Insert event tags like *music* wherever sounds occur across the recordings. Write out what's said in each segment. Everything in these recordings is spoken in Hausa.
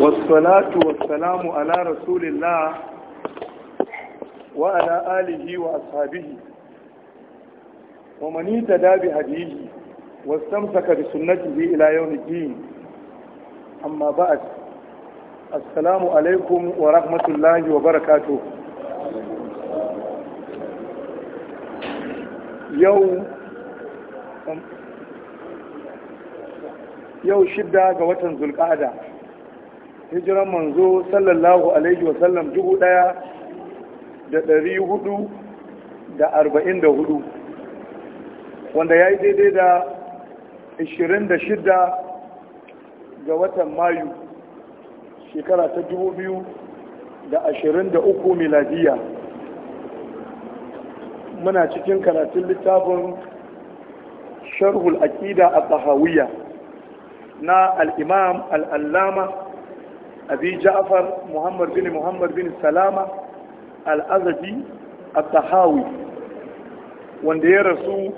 wasu salatu ala rasulillah wa alihi wa ashabihi wa manita dabi hadihi wasu tamsaka da sunnatu bi ila yau niki amma ba a assalamu alaikum wa rahmatullahi wa barakatu yau yau shidda ga watan zulƙada hijiran manzo sallallahu alaihi wasallam dubu ɗaya da ɗari hudu da arba'in da hudu wanda ya yi daidai da ishirin da shidda ga watan mayu shekara ta dubu biyu da ashirin da uku miladiya muna cikin karatun littafin sharhul aƙida a tsahawiyya na al'imam al'allama abi ja'far muhammad bin muhammad bin salama al'azabi a tahawi wanda ya rasu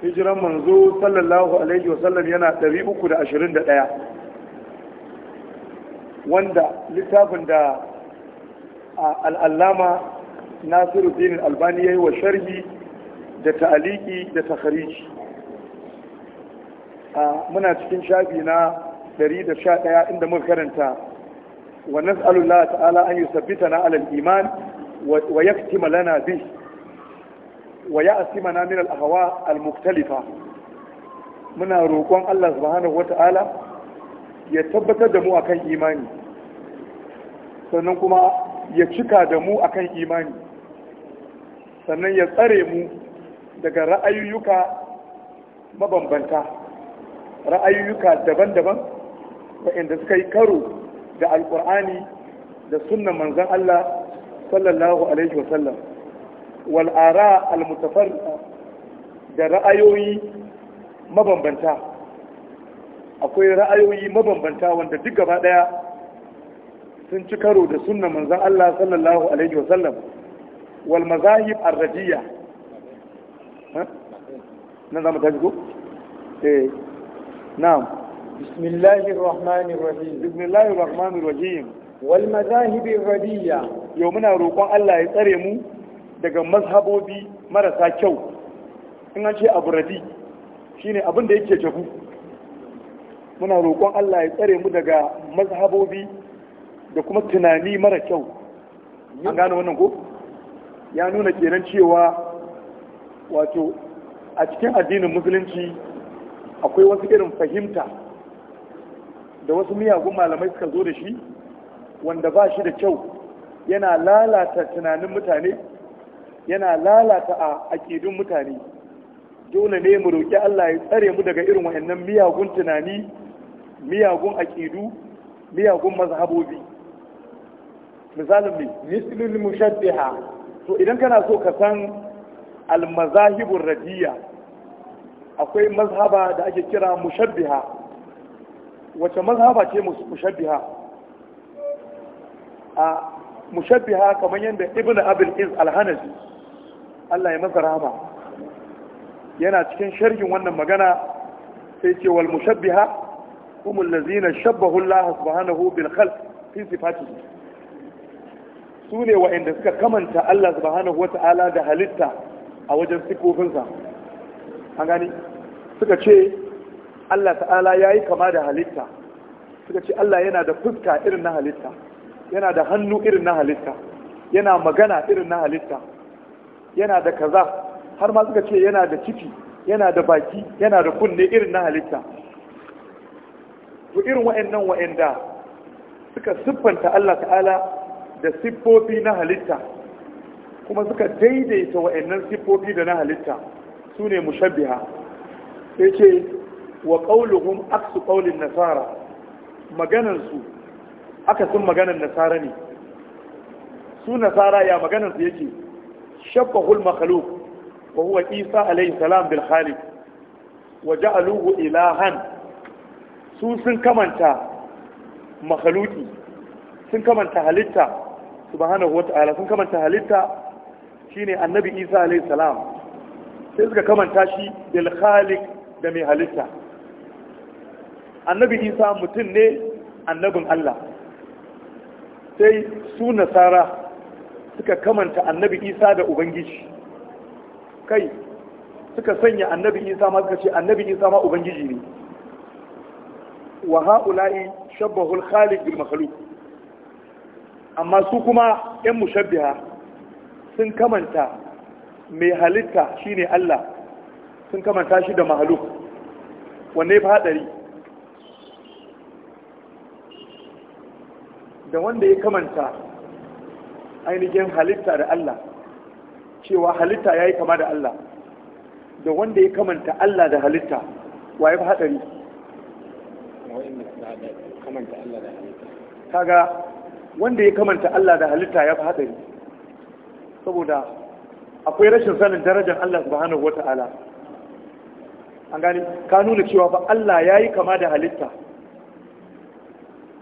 hijiran manzo sallallahu alaihi wasallam yana 321 wanda littafin da al'allama nasiru dinin albani ya yi wa sharhi da ta'aliki da takhariji muna cikin shafi na 111 inda muka karanta wa nas'alu Allah ta'ala an yusabbitana ala al-iman wa yaktima lana bi wa ya'simana min al-ahwa al-mukhtalifa muna roƙon Allah subhanahu Ta'ala ya tabbatar da mu akan imani sannan kuma ya cika da mu akan imani sannan ya tsare mu daga ra'ayoyuka mabambanta ra'ayoyuka daban-daban waɗanda suka yi karo da alkur'ani da sunan manzan Allah sallallahu alaihi wasallam wal ara da ra'ayoyi mabambanta akwai ra'ayoyi mabambanta wanda duk gaba ɗaya sun ci karo da sunan manzan Allah sallallahu alaihi wasallam wal mazahib ar na zama ta ko eh نعم بسم الله الرحمن الرحيم بسم الله الرحمن الرحيم والمذاهب الردية يومنا روقون الله يترمو daga mazhabobi marasa kyau in ce abu radi shine abin da yake jabu muna roƙon Allah ya tsare mu daga mazhabobi da kuma tunani mara kyau an gane wannan ko ya nuna kenan cewa wato a cikin addinin musulunci akwai wasu irin fahimta da wasu miyagun malamai suka zo da shi wanda ba shi da kyau yana lalata tunanin mutane yana lalata a aƙidun mutane dole ne mu roƙi Allah ya tsare mu daga irin wa'annan miyagun tunani miyagun aƙidu miyagun mazhabobi misalin ne mislul mushaddiha to idan kana so ka san al-mazahibur radiyya akwai mazhaba da ake kira mushabbiha wace mazhaba ce mushabbiha a mushabbiha kamar yadda ibn abul iz al-hanafi Allah ya masa rahama yana cikin sharhin wannan magana sai ce wal mushabbiha hum allazina shabbahu Allah subhanahu bil khalq fi sifatihi sune wa'anda suka kamanta Allah subhanahu wata'ala da halitta a wajen sifofinsa an gani suka ce Allah ta'ala ya yi kama da halitta suka ce Allah yana da fuska irin na halitta yana da hannu irin na halitta yana magana irin na halitta yana da kaza har ma suka ce yana da ciki yana da baki yana da kunne irin na halitta to irin wa'annan wa'anda suka siffanta Allah ta'ala da siffofi na halitta kuma suka daidaita wa'annan siffofi da na halitta su ne mushabbiha sai ce wa qauluhum aksu ƙaunin nasara Maganansu, aka sun maganan nasara ne su nasara ya maganansu su yake shabbahul makhluq wa huwa isa alayhi salam bil khaliq wa ja'aluhu ilahan su sun kamanta makhluqi sun kamanta halitta subhanahu wata'ala sun kamanta halitta shine annabi isa alayhi salam sai suka kamanta shi bil da mai halitta annabi isa mutum ne annabin allah sai su nasara suka kamanta annabi isa da ubangiji kai suka sanya annabi isa ma suka ce annabi isa ma ubangiji ne wa ha'ula'i shabbahul Khalid khaliq bil makhluq amma su kuma yan mushabbiha sun kamanta mai halitta shine Allah sun kamanta shi da mahaluk wanne fi haɗari? da wanda ya kamanta ainihin halitta da Allah cewa halitta ya yi kama da Allah da wanda ya kamanta Allah da halitta wa ya fi haɗari kaga wanda ya kamanta Allah da halitta ya fi haɗari saboda akwai rashin sanin darajar Allah subhanahu ta’ala an gani ka nuna cewa ba Allah ya yi kama da halitta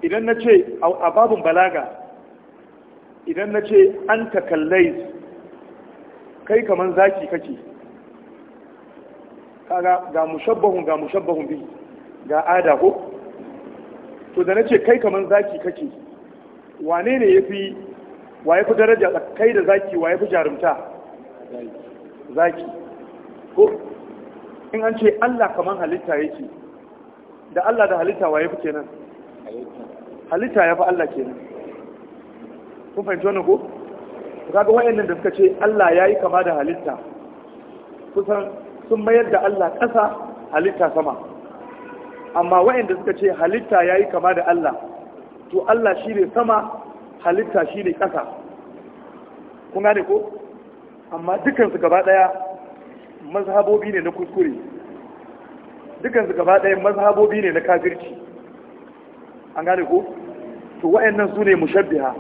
idan na ce a babin balaga idan na ce an takallai kai kaman zaki kake kaga ga mushabbahun ga mushabbahun bi ga ada ko to da na ce kai kaman zaki kake wane ne ya fi wa ya fi daraja kai da zaki wa ya fi jarumta zaki ko in an ce Allah kaman halitta yake da Allah da halitta waye fi kenan halitta ya fi Allah kenan kun fahimci wannan ko kaga wayannan da suka ce Allah yayi kama da halitta kusan sun mayar da Allah ƙasa halitta sama amma wayanda suka ce halitta yayi kama da Allah to Allah shi ne sama halitta shi ne ƙasa kun gane ko amma dukansu gaba daya mazhabobi ne na kuskure dukansu gaba daya mazhabobi ne na kafirci an gane ko to wayannan su ne mushabbiha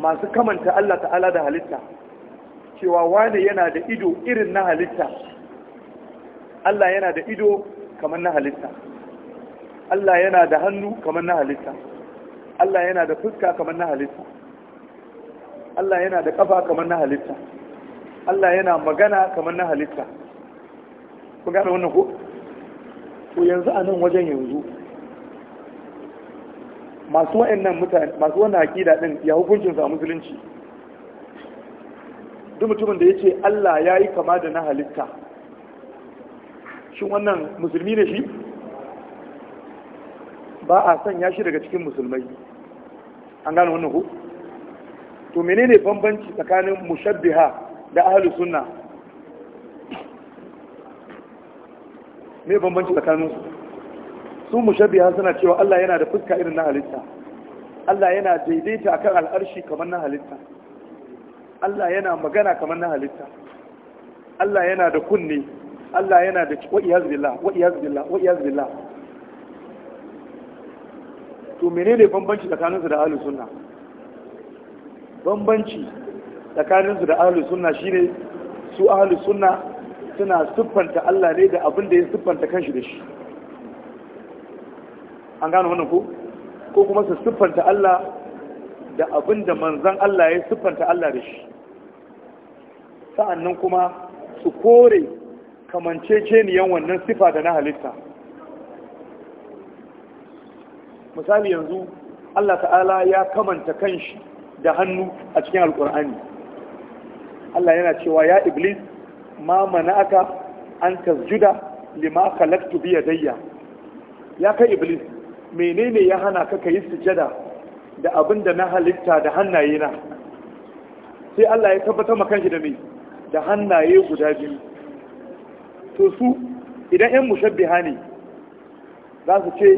masu kamanta Allah ta'ala da halitta cewa wane yana da ido irin na halitta Allah yana da ido kamar na halitta Allah yana da hannu kamar na halitta Allah yana da fuska kamar na halitta Allah yana da kafa kamar na halitta Allah yana magana kamar na halitta ku gane wannan ko to yanzu a nan wajen yanzu masu wa'annan mutane masu wannan akida din ya hukuncin sa musulunci duk mutumin da yace Allah ya yi kama da na halitta shin wannan musulmi ne shi ba a sanya shi daga cikin musulmai an gane wannan ko to menene bambanci tsakanin mushabbiha da ahalu suna me bambanci tsakaninsu su mushabiya suna cewa Allah yana da fuska irin na halitta Allah yana daidaita akan al'arshi kamar na halitta Allah yana magana kamar na halitta Allah yana da kunne Allah yana da wa iyaz billah to menene bambanci tsakaninsu da ahalu suna bambanci tsakaninsu da ahlus sunna ne su ahlus sunna suna siffanta Allah ne da abin da ya siffanta kanshi da shi an gano wannan ko ko kuma su siffanta Allah da abin da manzan Allah ya siffanta Allah da shi sa'annan kuma su kore kamanceceniyan wannan sifa da na halitta misali yanzu Allah ta'ala ya kamanta kanshi da hannu a cikin alkur'ani Allah yana cewa ya iblis ma mana aka an tasjuda lima khalaqtu bi yadayya ya kai iblis menene ya hana ka kai sujada da abinda na halitta da hannaye na sai Allah ya tabbata maka shi da me da hannaye guda biyu to su idan yan mushabbiha ne za su ce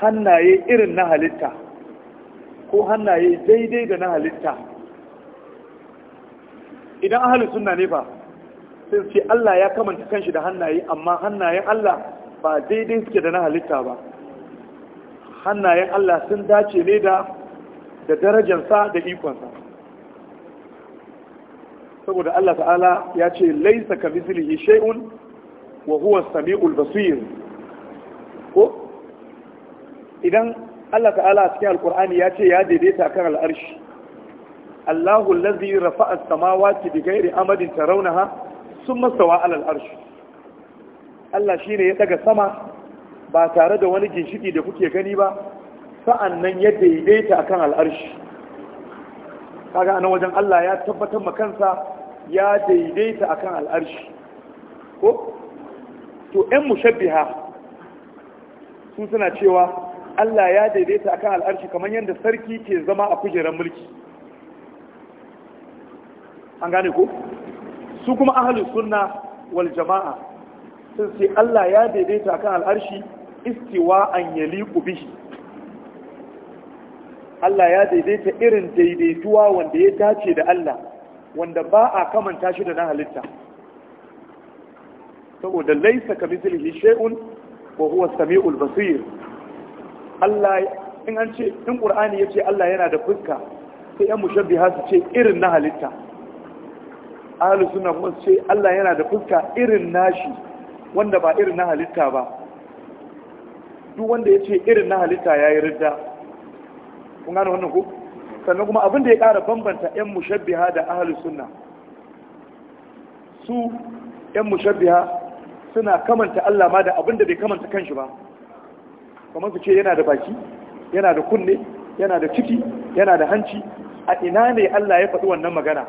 hannaye irin na halitta ko hannaye daidai da na halitta idan ahalin suna ne fa sun ce Allah ya kamanta kanshi da hannaye amma hannayen Allah ba daidai suke da na halitta ba hannayen Allah sun dace ne da da darajansa da ikonsa saboda Allah ta'ala ya ce laisa ka mislihi shay'un wa huwa samiul basir ko idan Allah ta'ala a cikin alkur'ani ya ce ya daidaita kan al'arshi Allahu allazi rafa'a as-samawati bighairi amadin tarawnaha thumma stawa 'ala al-arsh Allah shine ya daga sama ba tare da wani ginshiki da kuke gani ba sa'an nan ya daidaita akan al'arshi. arsh kaga anan wajen Allah ya tabbatar makansa ya daidaita akan al'arshi. ko to ƴan mushabbiha sun suna cewa Allah ya daidaita akan al'arshi kamar yadda sarki ke zama a kujerar mulki an gane ko su kuma ahalin sunna wal jama'a sun ce Allah ya daidaita kan al'arshi istiwa an yaliku bihi Allah ya daidaita irin daidaituwa wanda ya dace da Allah wanda ba a kamanta shi da na halitta saboda laisa ka mislihi shay'un wa huwa samiul basir Allah in an ce in Qur'ani yace Allah yana da fuska sai 'yan mushabbiha su ce irin na halitta ahalu suna kuma ce Allah yana da fuska irin nashi wanda ba irin na halitta ba duk wanda ya ce irin na halitta ya yi ridda kun gane wannan ku sannan kuma abin da ya kara bambanta 'yan mushabbiha da ahalu suna su 'yan mushabbiha suna kamanta Allah ma da abin da bai kamanta kanshi ba kamar su ce yana da baki yana da kunne yana da ciki yana da hanci a ina ne Allah ya faɗi wannan magana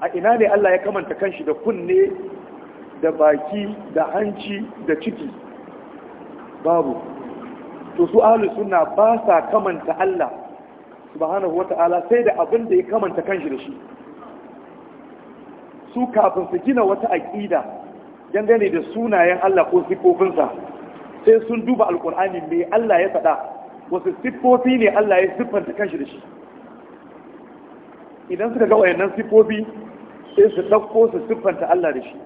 a ina ne Allah ya kamanta kanshi da kunne da baki da hanci da ciki babu to su ahli sunna ba sa kamanta Allah subhanahu wata'ala sai da abin da ya kamanta kanshi da shi su kafin su gina wata aƙida dangane da sunayen Allah ko siffofinsa sai sun duba alkur'ani me Allah ya faɗa wasu siffofi ne Allah ya siffanta kanshi da shi idan suka ga wayannan sifofi sai su ɗauko su siffanta Allah da shi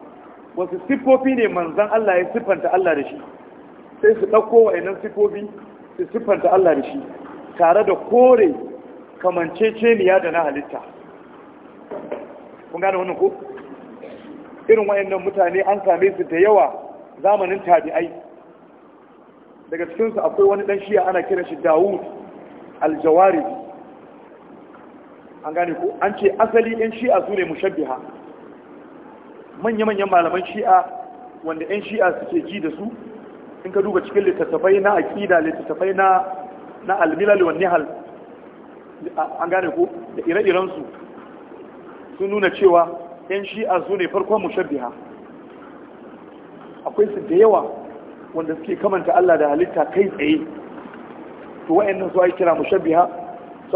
wasu siffofi ne manzan Allah ya siffanta Allah da shi sai su ɗauko wa'annan siffofi su siffanta Allah da shi tare da kore kamanceceniya da na halitta kun gane wannan ku? irin wa'annan mutane an same su da yawa zamanin tabi'ai daga cikinsu akwai wani ɗan shiya ana kiran shi dawud aljawari an gane ko an ce asali yan shi'a su ne mushabbiha manya-manyan malaman shi'a wanda yan shi'a suke ji da su in ka duba cikin littattafai na aƙida littattafai na na almilal wa nihal an gane ko da ire-iren su sun nuna cewa yan shi'a su ne farkon mushabbiha akwai su da yawa wanda suke kamanta Allah da halitta kai tsaye to wa'annan su ai kira mushabbiha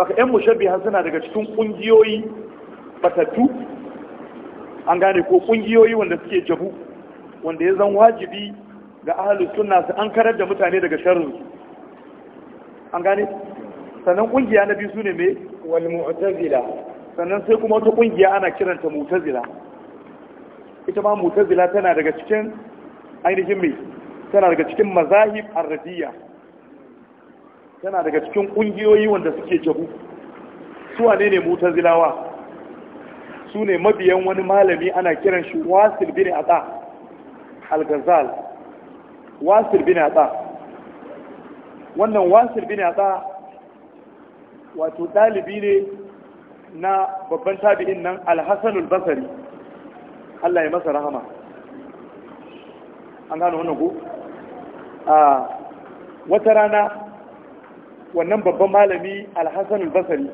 aka yan mushabbiha suna daga cikin kungiyoyi batattu an gane ko kungiyoyi wanda suke jabu wanda ya zan wajibi ga ahlus suna su an karar da mutane daga sharrin an gane sannan kungiya na biyu sune mai wal mu'tazila sannan sai kuma wata kungiya ana kiranta mu'tazila ita ma mu'tazila tana daga cikin ainihin mai. tana daga cikin mazahib ar tana daga cikin ƙungiyoyi wanda suke jabu su wane ne mutazilawa su ne mabiyan wani malami ana kiran shi wasil bin atsa al-ghazal wasil bin atsa wannan wasil bin atsa wato dalibi ne na babban tabi'in nan al-hasan al-basri Allah ya masa rahama an gano wannan ku a ah, wata rana wannan babban malami alhassan Basari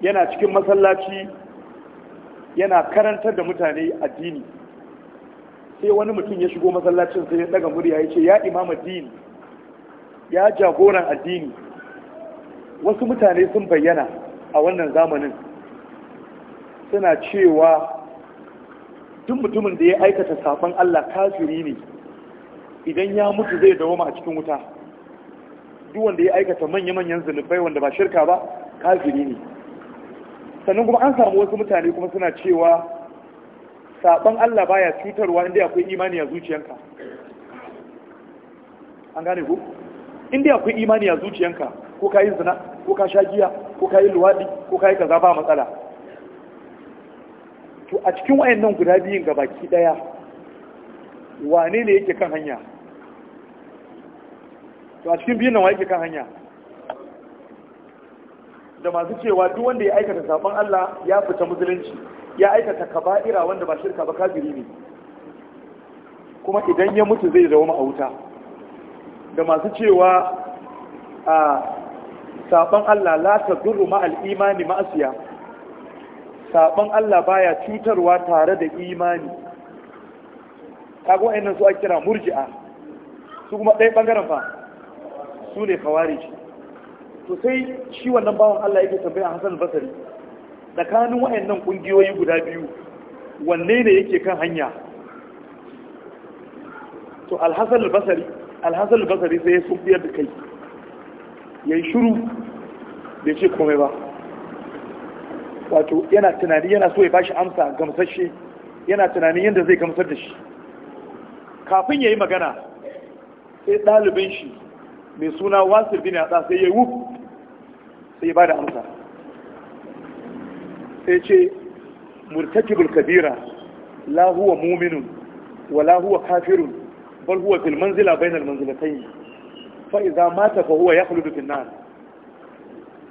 yana cikin masallaci yana karantar da mutane addini sai wani mutum ya shigo masallacin sai ya daga murya ya ce ya imama addini ya jagoran addini wasu mutane sun bayyana a wannan zamanin suna cewa duk mutumin da ya aikata sabon Allah kafiri ne idan ya mutu zai dawoma a cikin wuta duk wanda ya aikata manya-manyan zunubai wanda ba shirka ba kafiri ne sannan kuma an samu wasu mutane kuma suna cewa saban Allah baya cutarwa inda akwai imani a zuciyanka an gane ku inda akwai imani a zuciyanka ko ka yi zina ko ka sha giya ko ka yi luwaɗi ko ka yi kaza ba matsala to a cikin wayannan guda biyun gabaki baki ɗaya wane ne yake kan hanya to a cikin biyun nan wa kan hanya da masu cewa duk wanda ya aikata sabon Allah ya fita musulunci ya aikata kaba'ira wanda ba shirka ba kafiri ne kuma idan ya mutu zai zama a wuta da masu cewa a sabon Allah la tadurru ma al-imani ma'asiya sabon Allah baya cutarwa tare da imani kaga wayannan su a kira murji'a su kuma ɗaya ɓangaren fa su ne khawarij to sai shi wannan bawan Allah yake tambaya Hassan Basri tsakanin wayannan kungiyoyi guda biyu wanne ne yake kan hanya to al hassan basri al hassan basri sai ya sumbiyar da kai yayi shiru bai ce komai ba wato yana tunani yana so ya bashi amsa gamsashe yana tunanin yadda zai gamsar da shi kafin ya yi magana sai ɗalibin shi mai suna wasu bin yatsa sai ya wuf sai ba da amsa sai ce murtaki bulkabira lahuwa muminu wa lahuwa kafirun bal huwa fil manzila bainal manzilatayn fa Fa'iza, mata fa huwa yakhludu fil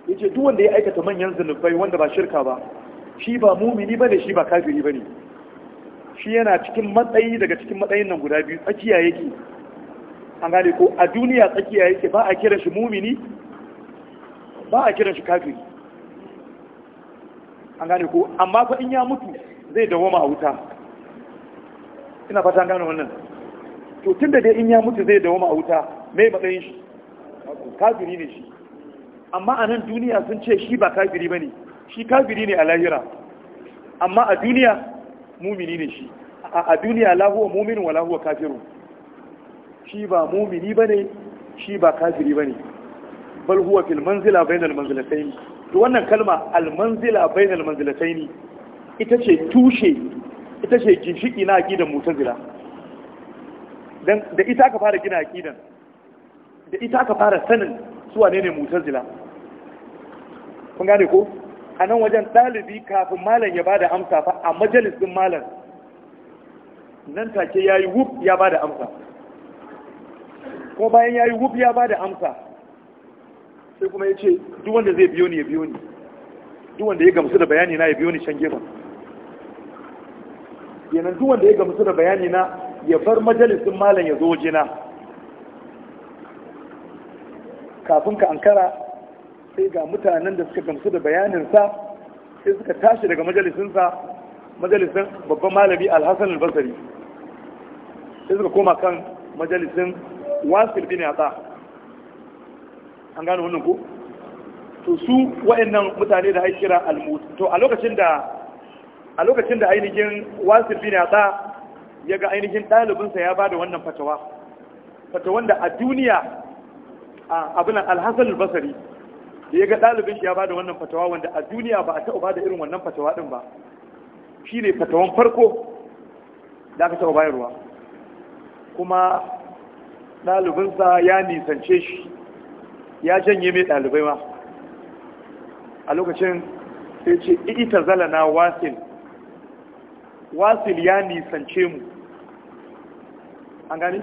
Ya ce duk wanda ya aikata manyan zunubai wanda ba shirka ba shi ba mumini ne, shi ba kafiri ba ne. shi yana cikin matsayi daga cikin matsayin nan guda biyu tsakiya yake an gane ko a duniya tsakiya yake ba a kiran shi mumini ba a kiran shi kafiri an gane ko amma fa in ya mutu zai dawoma a wuta ina fata an gane wannan to tun da dai in ya mutu zai dawoma a wuta mai matsayin shi kafiri ne shi amma a nan duniya sun ce shi ba kafiri ba ne shi kafiri ne a lahira amma a duniya mumini ne shi a duniya lahuwa mumini wa lahuwa kafirun shi ba mumini ne, shi ba kafiri ne. bal huwa fil manzila bainal manzilatayn to wannan kalma al manzila bainal manzilatayn ita ce tushe ita ce ginshiki na aqidan mu'tazila dan da ita aka fara gina aqidan da ita aka fara sanin su wane ne mu'tazila kun gane ko a nan wajen ɗalibi kafin malam ya bada amsa fa a majalisin malam nan take yayi wuf ya bada amsa ko bayan ya yi wuf ya ba da amsa sai kuma ya ce duk wanda zai biyo ni ya biyo ni duk wanda ya gamsu da bayani na ya biyo ni can gefen yanan duk wanda ya gamsu da bayani na ya bar majalisin malam ya zo jina? kafin ka ankara sai ga mutanen da suka gamsu da bayaninsa sai suka tashi daga majalisinsa majalisin babban malami alhassan albasari sai suka koma kan majalisin wasir bin yasa an gano wannan ko to su wa'annan mutane da ake kira almut to a lokacin da a lokacin da ainihin wasir bin yasa ya ga ainihin ɗalibinsa ya bada wannan fatawa fatawan da a duniya A abin alhassan albasari da ya ga dalibin shi ya bada wannan fatawa wanda a duniya ba a taɓa bada irin wannan fatawa din ba shi ne fatawan farko da aka taɓa bayarwa kuma ɗalibinsa ya nisance shi ya janye mai ɗalibai ma a lokacin sai ce ita na wasil wasil ya nisance mu an gani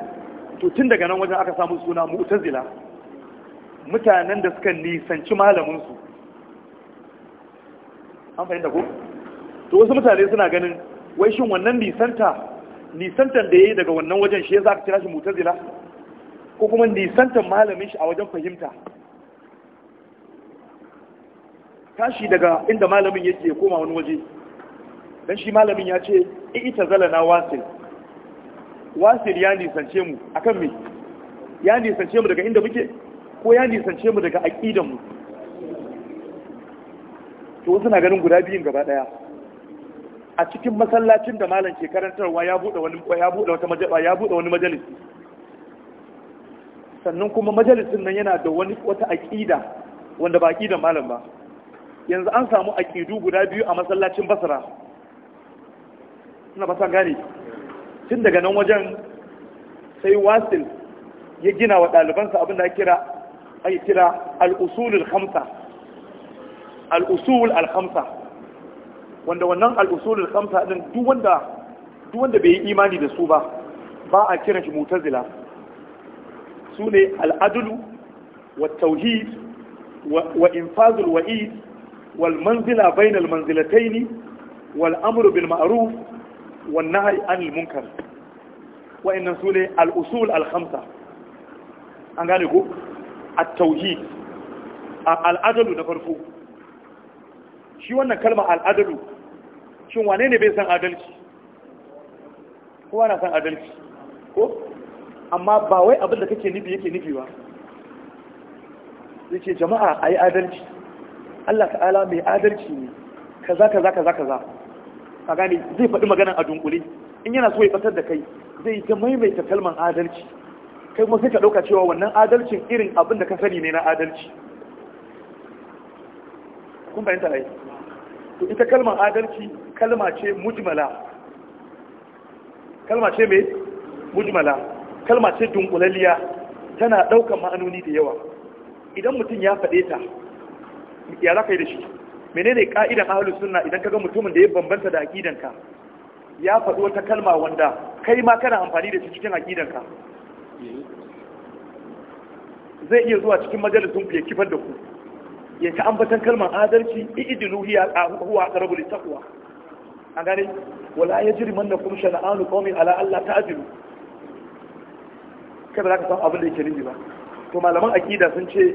tun daga nan wajen aka samu suna mu'tazila mutanen da suka nisanci malaminsu an fahimta ko to wasu mutane suna ganin wai shin wannan nisanta Nisantar da ya yi daga wannan wajen shi ya za ka kira shi mu'tazila ko kuma nisantar malamin shi a wajen fahimta tashi daga inda malamin yake koma wani waje don shi malamin ya ce ita zala na wasil wasil ya nisance mu akan mai ya nisance mu daga inda muke ko ya nisance mu daga aƙidanmu? mu to wasu na ganin guda biyun gaba daya a cikin masallacin da malam ke karantarwa ya buɗe wani wani majalisi sannan kuma majalisin nan yana da wani wata aƙida wanda ba aƙidan malam ba yanzu an samu aƙidu guda biyu a masallacin basra suna ba gane tun daga nan wajen sai wasil ya gina wa ɗalibansa abin da kira ai kira al'usulul usul wanda wannan al'usulul hamsa duk wanda bai yi imani da su ba ba a kiran shi zila. su ne al'adulu wa tauhid wa infazul wa'id wal manzila bainal manzilataini wal amru bil ma'ruf wan nahyi anil munkar wa'annan su ne al-usul an gane ko at-tauhid al'adalu na farko shi wannan kalma al'adalu shin wane ne bai san adalci kowa na san adalci ko amma ba wai abin da kake nufi yake nufi ba yake jama'a a yi adalci Allah ta'ala mai adalci ne kaza kaza kaza kaza ka gane zai faɗi maganan a dunkule in yana so ya fatar da kai zai ta maimaita kalman adalci kai kuma sai ka ɗauka cewa wannan adalcin irin abin da ka sani ne na adalci kun bayanta ai to ita kalman adalci kalma ce mujmala kalma ce mai mujmala kalma ce dunkulaliya tana ɗaukar ma'anoni da yawa idan mutum ya faɗe ta ya za ka yi da shi menene ƙa'idan ahlus sunna idan kaga mutumin da ya bambanta da ka? ya faɗo wata kalma wanda kai ma kana amfani da shi cikin aƙidanka. zai iya zuwa cikin majalisun ku ya kifar da ku ya ta ambatan kalmar adalci idilu hiya huwa aqrabu littaqwa an gane wala yajrimannakum shana'anu qawmin ala alla ta'dilu Kada za ka san abin da yake nufi ba to malaman akida sun ce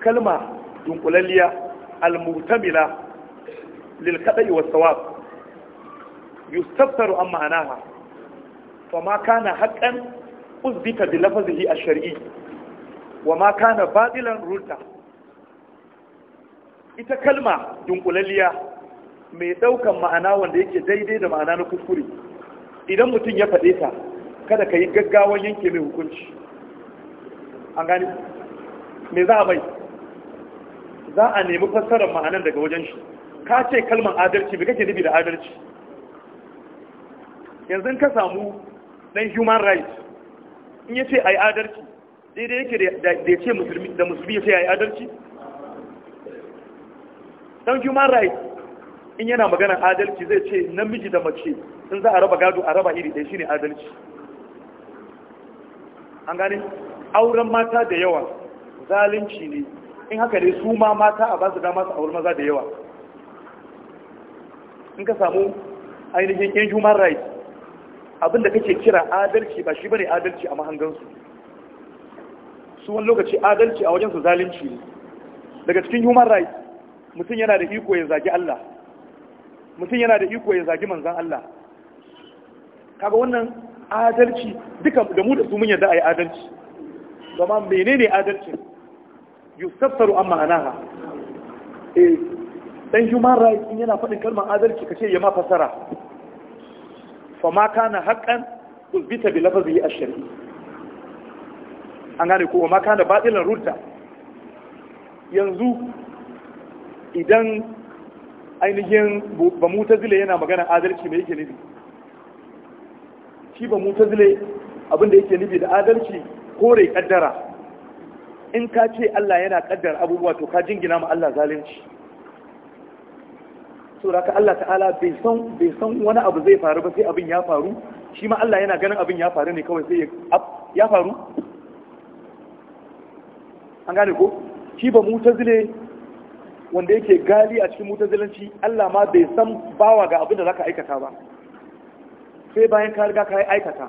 kalma dunkulalliya almutamila lil kadai wa sawab yustafsaru an ma'anaha fa ma kana haqqan uzbita bi lafzihi ash-shar'i wa ma kana batilan ita kalma dunkulalliya mai daukan ma'ana wanda yake daidai da ma'ana na kuskure idan mutum ya faɗe ta kada ka yi gaggawan yanke mai hukunci an gani me za a mai za a nemi fassarar ma'anar daga wajen shi ka ce kalmar adalci bai kake nufi da adalci yanzu ka samu dan human rights in ya ce a yi adalci daidai yake da ya ce da musulmi ya ce a yi adalci dan human rights in yana maganar adalci zai ce namiji da mace in za a raba gado a raba iri ɗaya ne adalci an gane auren mata da yawa zalunci ne in haka ne su ma mata a ba su dama su auri maza da yawa in ka samu ainihin yan human rights abinda kake kira adalci ba shi bane adalci a mahangansu su wani lokaci adalci a wajensu zalunci ne daga cikin human rights mutum yana da iko ya zagi Allah mutum yana da iko ya zagi manzan Allah kaga wannan adalci duka da mu da su mun yadda a yi adalci zama menene adalci yusaftaru an ma'anaha eh dan human rights in yana faɗin kalmar adalci kace ya ma fasara fa ma kana haƙƙan uzbita bi lafzihi ash-shar'i an gane ko ma kana batilan rudda yanzu idan ainihin ba mutazila yana magana adalci mai yake nufi shi ba tazile abin da yake nufi da adalci kore kaddara in ka ce Allah yana kaddara abubuwa to ka jingina ma Allah zalunci so da Allah ta'ala bai san bai san wani abu zai faru ba sai abin ya faru shi ma Allah yana ganin abin ya faru ne kawai sai ya faru an gane ko shi ba mutazile wanda yake gali a cikin mutazilanci Allah ma bai san bawa ga abin da zaka aikata ba sai bayan ka riga ka aikata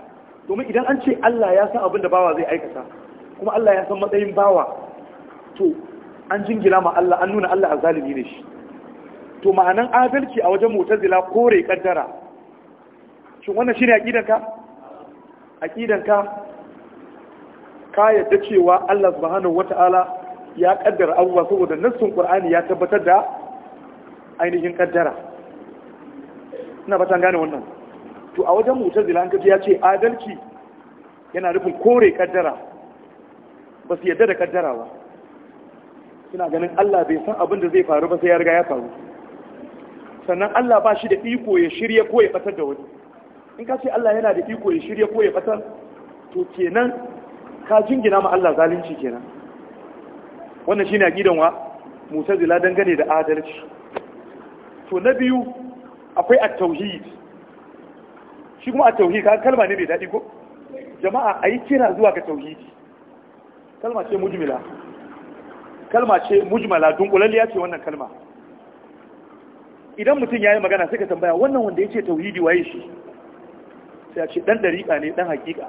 domin idan an ce Allah ya san abin da bawa zai aikata kuma Allah ya san matsayin bawa to an jingila ma Allah an nuna Allah azalimi ne shi to ma'anan adalci a wajen mutazila kore kaddara shin wannan shine ka aqidanka ka ka? yadda cewa Allah subhanahu wata'ala ya kaddara abubuwa saboda nassun Qur'ani ya tabbatar da ainihin kaddara ina ba gane wannan to a wajen mutazila an ya ce adalci yana nufin kore kaddara ba su yadda da kaddara ba suna ganin Allah bai san abin da zai faru ba sai ya riga ya faru sannan Allah ba shi da iko ya shirya ko ya batar da wani in ka ce Allah yana da iko ya shirya ko ya batar to kenan ka jingina ma Allah zalunci kenan wannan shi na gidan wa zila dangane da adalci to na biyu akwai a tauhid shi kuma a tauhi kan kalma ne mai daɗi ko jama'a a yi kira zuwa ga tauhidi kalma ce mujmila kalma ce mujmala dunkulalliya ce wannan kalma idan mutum ya yi magana sai ka tambaya wannan wanda ya ce tauhidi waye shi sai a ce ɗan ɗariƙa ne ɗan haƙiƙa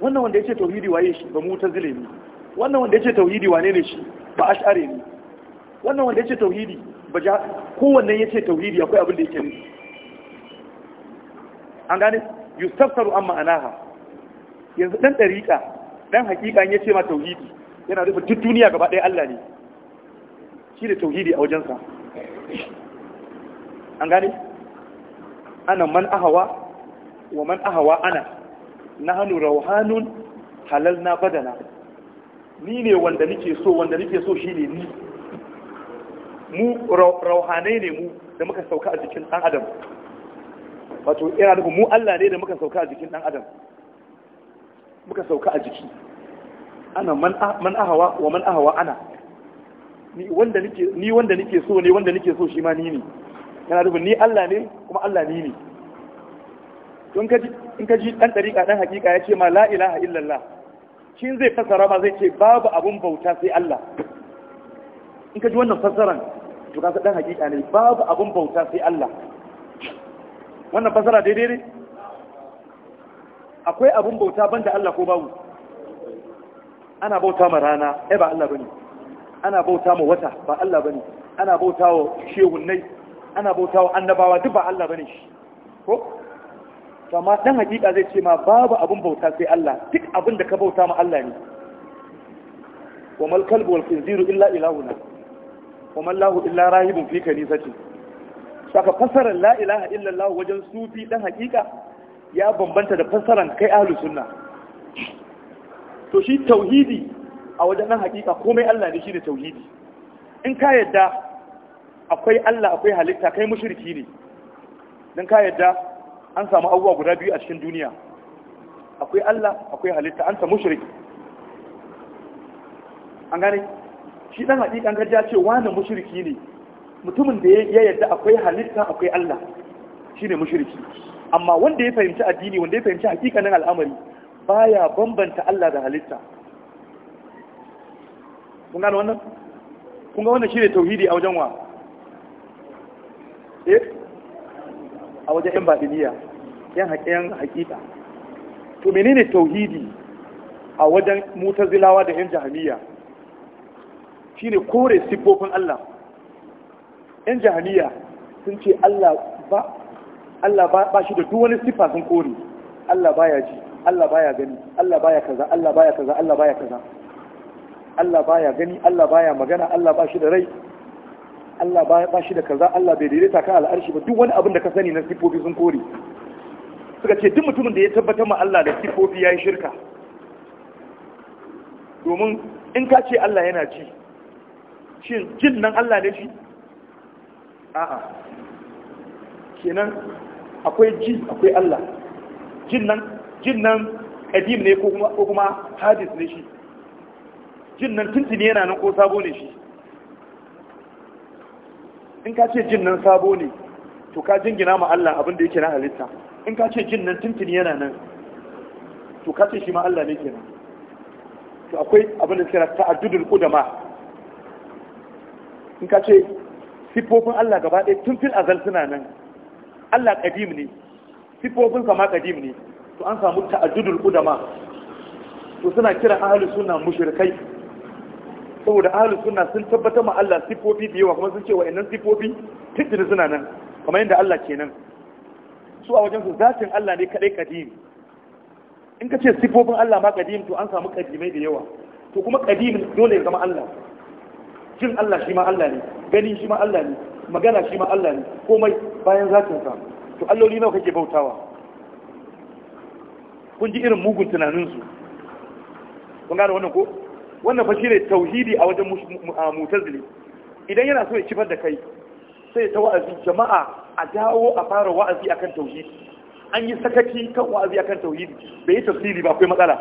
wannan wanda ya ce tauhidi waye shi ba ta zile ne wannan wanda ya ce tauhidi wane ne shi ba ash'are ne wannan wanda ya ce tauhidi ba ja kowanne ya ce tauhidi akwai abin da yake nufi an gane yustafsaru an anaha. yanzu dan ɗariƙa, dan haƙiƙa ya ce ma tauhidi yana rufe duk duniya gaba ɗaya Allah ne shi da tauhidi a wajensa an gane ana man ahawa wa man ahawa ana nahnu halal halalna badana ni ne wanda nake so wanda nake so shine ni mu rauhanai ne mu da muka sauka a jikin ɗan adam wato ina da mu Allah ne da muka sauka a jikin dan adam muka sauka a jiki ana man ahawa wa man ahawa ana ni wanda nake ni wanda nake so ne wanda nake so shi ma ni ne yana nufin ni Allah ne kuma Allah ni ne in ka ji in ka ji dan dariƙa dan hakika ya ce ma la ilaha illallah shin zai fassara ma zai ce babu abun bauta sai Allah in ka ji wannan fassaran to ka san dan hakika ne babu abun bauta sai Allah wannan fasara daidai ne akwai abin bauta banda Allah ko babu ana bauta ma rana eh ba Allah bane ana bauta ma wata ba Allah bane ana bauta wa shehunnai ana bauta wa annabawa duk ba Allah bane shi ko amma dan hakika zai ce ma babu abin bauta sai Allah duk abin da ka bauta ma Allah ne wa mal kalbu wal khinziru illa ilahuna wa man lahu illa rahibun fi kanisati saka fasarar la ilaha illallah wajen sufi ɗan haƙiƙa, ya bambanta da fasaran kai ahlus sunna to shi tauhidi a wajen ɗan haƙiƙa, komai Allah ne shi ne tauhidi in ka yadda akwai Allah akwai halitta kai mushriki ne dan ka yadda an samu abubuwa guda biyu a cikin duniya akwai Allah akwai halitta an ta mushriki an gane shi dan hakikan gajiya ce wani mushriki ne mutumin da ya yadda akwai halitta akwai Allah shine mushriki amma wanda ya fahimci addini wanda ya fahimci hakikanin al'amari baya bambanta Allah da halitta kun gano wannan kun ga wannan shine tauhidi a wajen wa eh a wajen yan babiliya yan hakiyan hakika to menene tauhidi a wajen mutazilawa da yan jahiliya shine kore siffofin Allah yan jahaniya sun ce Allah ba shi da duk wani siffa sun kore Allah baya ji Allah baya gani Allah baya kaza Allah baya kaza Allah baya kaza Allah baya gani Allah baya magana Allah ba shi da rai Allah ba shi da kaza Allah bai daidaita ka al'arshi ba duk wani abin da ka sani na siffofi sun kore suka ce duk mutumin da ya tabbatar ma Allah da ya yayi shirka domin in ka ce Allah yana ci, shin jin nan Allah ne shi a'a kenan akwai jin akwai Allah jin nan jin nan kadim ne ko kuma ko kuma hadis ne shi jin nan tuntuni yana nan ko sabo ne shi in ka ce jin nan sabo ne to ka jingina ma Allah abin da yake na halitta in ka ce jin nan tuntuni yana nan to ka ce shi ma Allah ne kenan to akwai abin da suke na ta'addudul qudama in ka ce sifofin Allah gaba ɗaya tun fil azal suna nan Allah kadim ne sifofin sa ma kadim ne to an samu ta'addudul udama to suna kira ahlus sunna mushrikai saboda ahlus sunna sun tabbata ma Allah sifofi da yawa kuma sun ce wa'annan sifofi tuntuni suna nan kamar yadda Allah kenan su a wajen su zatin Allah ne kadai kadim in ka ce sifofin Allah ma kadim to an samu kadimai da yawa to kuma kadim dole ya zama Allah jin Allah shi ma Allah ne gani shi ma Allah ne magana shi ma Allah ne komai bayan sa to alloli nawa kake bautawa kun ji irin mugun tunaninsu kun gane wannan ko wannan fa shine tauhidi a wajen mutazili idan yana so ya cifar da kai sai ta wa'azi jama'a a dawo a fara wa'azi akan tauhidi an yi sakaci kan wa'azi akan tauhidi bai yi tafsiri ba akwai matsala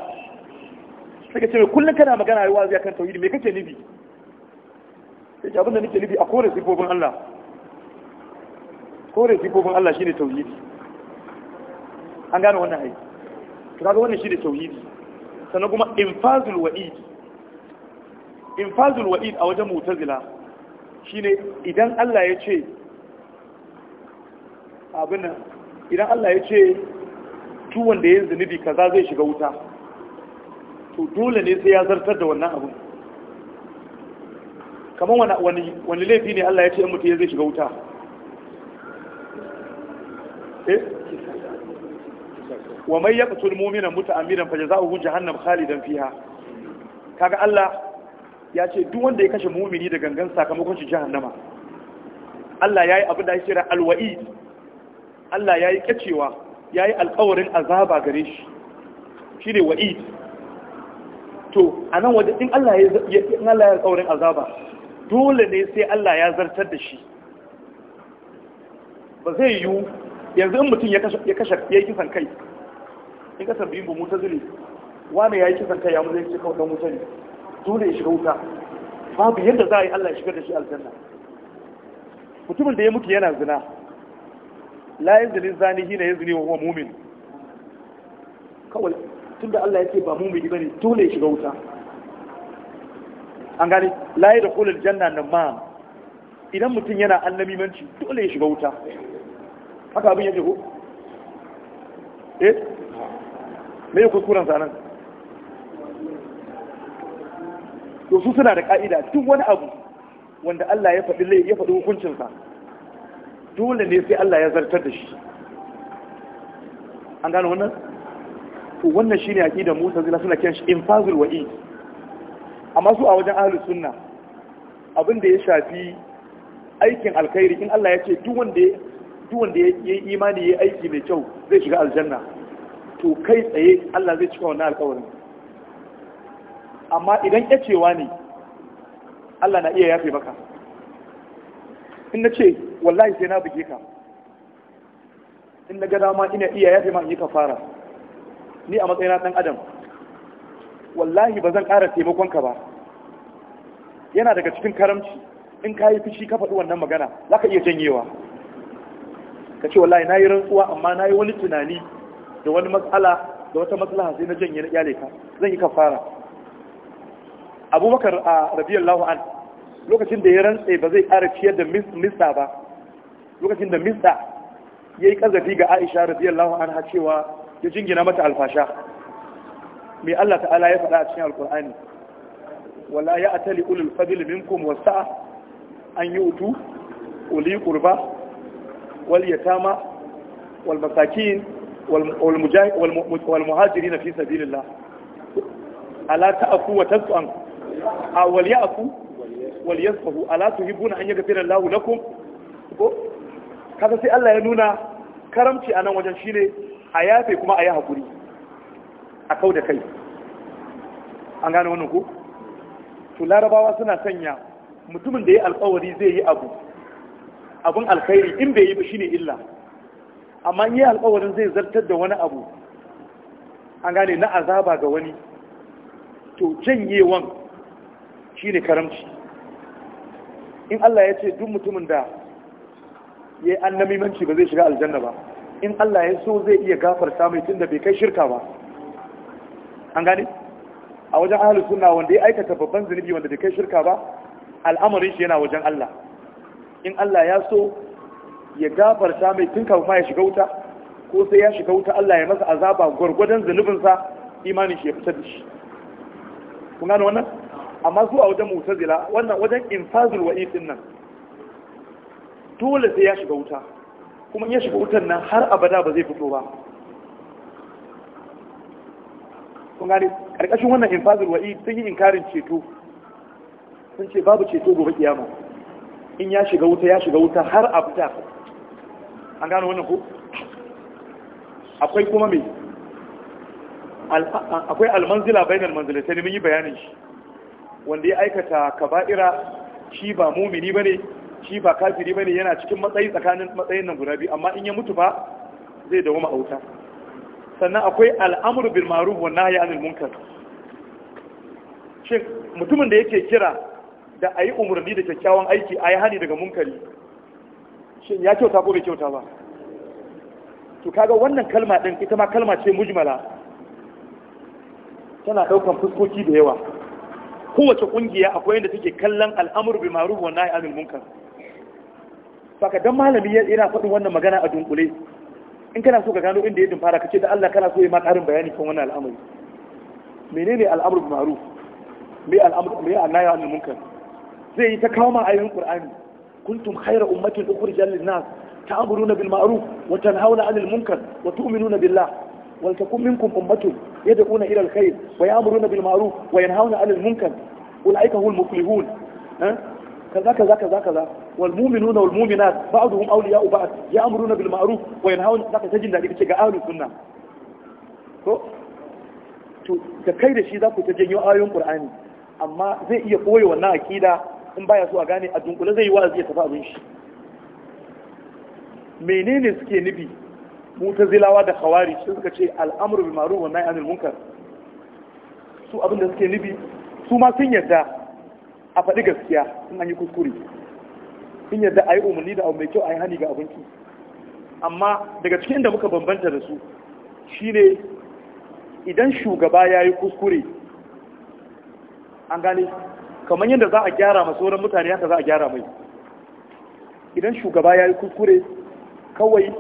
sai ka ce kullum kana magana wa'azi akan tauhidi me kake nufi yake abinda nake nufi a kore sifofin Allah kore sifofin Allah shine tauhidi an gane wannan hai to kaga wannan shine tauhidi sannan kuma infazul wa'id infazul wa'id a wajen mu'tazila shine idan Allah ya ce abin idan Allah ya ce tu wanda ya zunubi kaza zai shiga wuta to dole ne sai ya zartar da wannan abin kamar wani laifi ne Allah ya ce mutu ya zai shiga wuta eh? wa mai ya ƙasul muminan mutu amiran fa jaza'uhu hannun khalidan fiha kaga Allah ya ce duk wanda ya kashe mumini da gangan sakamakon shi jahannama Allah ya yi abin da ya shira alwa'i Allah ya yi kacewa yi alƙawarin azaba gare shi ne wa'id to anan waje in Allah ya in alkawarin alƙawarin azaba dole ne sai Allah ya zartar da shi ba zai yiwu yanzu in mutum ya kashe ya yi kisan kai in kasar biyu ba mutu zuri wane ya yi kisan kai ya mu zai cika wadda mutane ne dole ya shiga wuta babu yadda za a yi Allah ya shigar da shi aljanna mutumin da ya mutu yana zina la ne zini zanihi na ya zini wa mumin kawai tunda Allah ya ce ba ba ne dole ya shiga wuta an da la janna na ma. idan mutum yana annamimanci dole ya shiga wuta haka abin ya jiho? eh me kuskuren sa nan to su suna da ka'ida duk wani abu wanda Allah ya faɗi ya faɗi hukuncinsa dole ne sai Allah ya zartar da shi an gano wannan Wannan shi ne a wannan da aqidar mu'tazila suna kyan shi in fazil wa'i. amma su a wajen ahlus sunna abin da ya shafi aikin alkhairi in Allah ya ce duk wanda ya yi imani ya aiki mai kyau zai shiga aljanna to kai tsaye Allah zai cika wannan alkawarin amma idan ya cewa ne Allah na iya yafe maka in na ce wallahi sai na buge ka in na ga dama ina iya yafe ma in yi kafara ni a matsayina dan adam wallahi ba zan ƙara taimakon ka ba yana daga cikin karamci in ka yi fushi ka faɗi wannan magana za ka iya janyewa ka ce wallahi na yi rantsuwa amma na yi wani tunani da wani matsala da wata matsala sai na janye na iyale ka zan yi kafara abubakar a rabiyar an lokacin da ya rantse ba zai ƙara ciyar da mista ba lokacin da mista ya yi ƙazafi ga aisha rabiyallahu an ha cewa ya jingina mata alfasha mai Allah ta'ala ya faɗa a cikin alkur'ani wala ya a atali ulul fadl minkum wasa'a an yutu uli qurba wal yatama wal masakin wal mujahid wal na fi sabilillah ala ta'fu wa tasqan aw wal ya'fu wal yasfahu ala tuhibuna an yaghfira Allahu lakum ko kaga sai Allah ya nuna karamci anan wajen shine a yafe kuma a yi hakuri a kau da kai an gane wani ko to larabawa suna sanya mutumin da ya alkawari zai yi abu abun alkhairi in bai yi ba shine illa amma in yi alkawarin zai zartar da wani abu an gane na azaba ga wani to janyewan shine karamci in Allah ya ce duk mutumin da ya yi annamimanci ba zai shiga aljanna ba in Allah ya so zai iya gafarta mai tun da bai kai shirka ba an gane a wajen ahal sunna wanda ya aikata babban zunubi wanda bai kai shirka ba al'amarin shi yana wajen Allah in Allah ya so ya gafarta mai tun kafin ma ya shiga wuta ko sai ya shiga wuta Allah ya masa azaba gwargwadon zunubinsa imanin shi ya fitar da shi kun gane wannan amma zuwa wajen mutazila wannan wajen infazul wa'id din nan dole sai ya shiga wuta kuma in ya shiga wutan nan har abada ba zai fito ba kun gane karkashin wannan infazul wa'i sun yi inkarin ceto sun ce babu ceto gobe kiyama in ya shiga wuta ya shiga wuta har fita an gane wannan ko akwai kuma me akwai almanzila almanzila ta mun yi bayanin shi wanda ya aikata kaba'ira shi ba mumini ne shi ba kafiri ba ne yana cikin matsayi tsakanin matsayin nan guda biyu amma in ya mutu ba zai dawo ma'auta sannan akwai al'amuru bil maru wa na anil munkar shin mutumin da yake kira da ayi umarni da kyakkyawan aiki a yi hani daga munkari shin ya kyauta ko bai kyauta ba to kaga wannan kalma din ita ma kalma ce mujmala tana ɗaukan fuskoki da yawa kowace ƙungiya akwai yadda take kallon al'amuru bil maru wa na anil munkar saka don malami yana faɗin wannan magana a dunkule in kana so ka gano inda ya dumfara ka ce da Allah kana so ya ma ƙarin bayani kan wannan al'amari menene al'amru bi ma'ruf me al'amru me annahi anil munkar zai yi ta kawo ma ayoyin qur'ani kuntum khayra ummatin ukhrijat lin-nas ta'muruna bil ma'ruf wa tanhauna 'anil munkar wa tu'minuna billah wal takum minkum ummatun yad'una ila al-khayr wa ya'muruna bil ma'ruf wa yanhauna 'anil munkar ulaika humul muflihun kaza kaza kaza kaza والمؤمنون والمؤمنات بعضهم أولياء بعض يأمرون بالمعروف وينهون ذاك تجد ذلك كيغا أهل السنة to da kai da shi za ku ta janyo ayoyin Qur'ani amma zai iya koyi wannan akida in baya so a gane a dunkule zai yi wa'azi ya tafi abin shi menene suke nufi mutazilawa da khawari sun suka ce al'amru bil ma'ruf wa nahy anil munkar su abin da suke nufi su ma sun yarda a faɗi gaskiya in an yi kuskure in yadda a yi umarni da abu mai kyau a yi hani ga abinci amma daga cikin da muka bambanta da su shi ne idan shugaba ya yi kuskure an gane kamar yadda za a gyara ma wurin mutane haka za a gyara mai idan shugaba ya yi kuskure kawai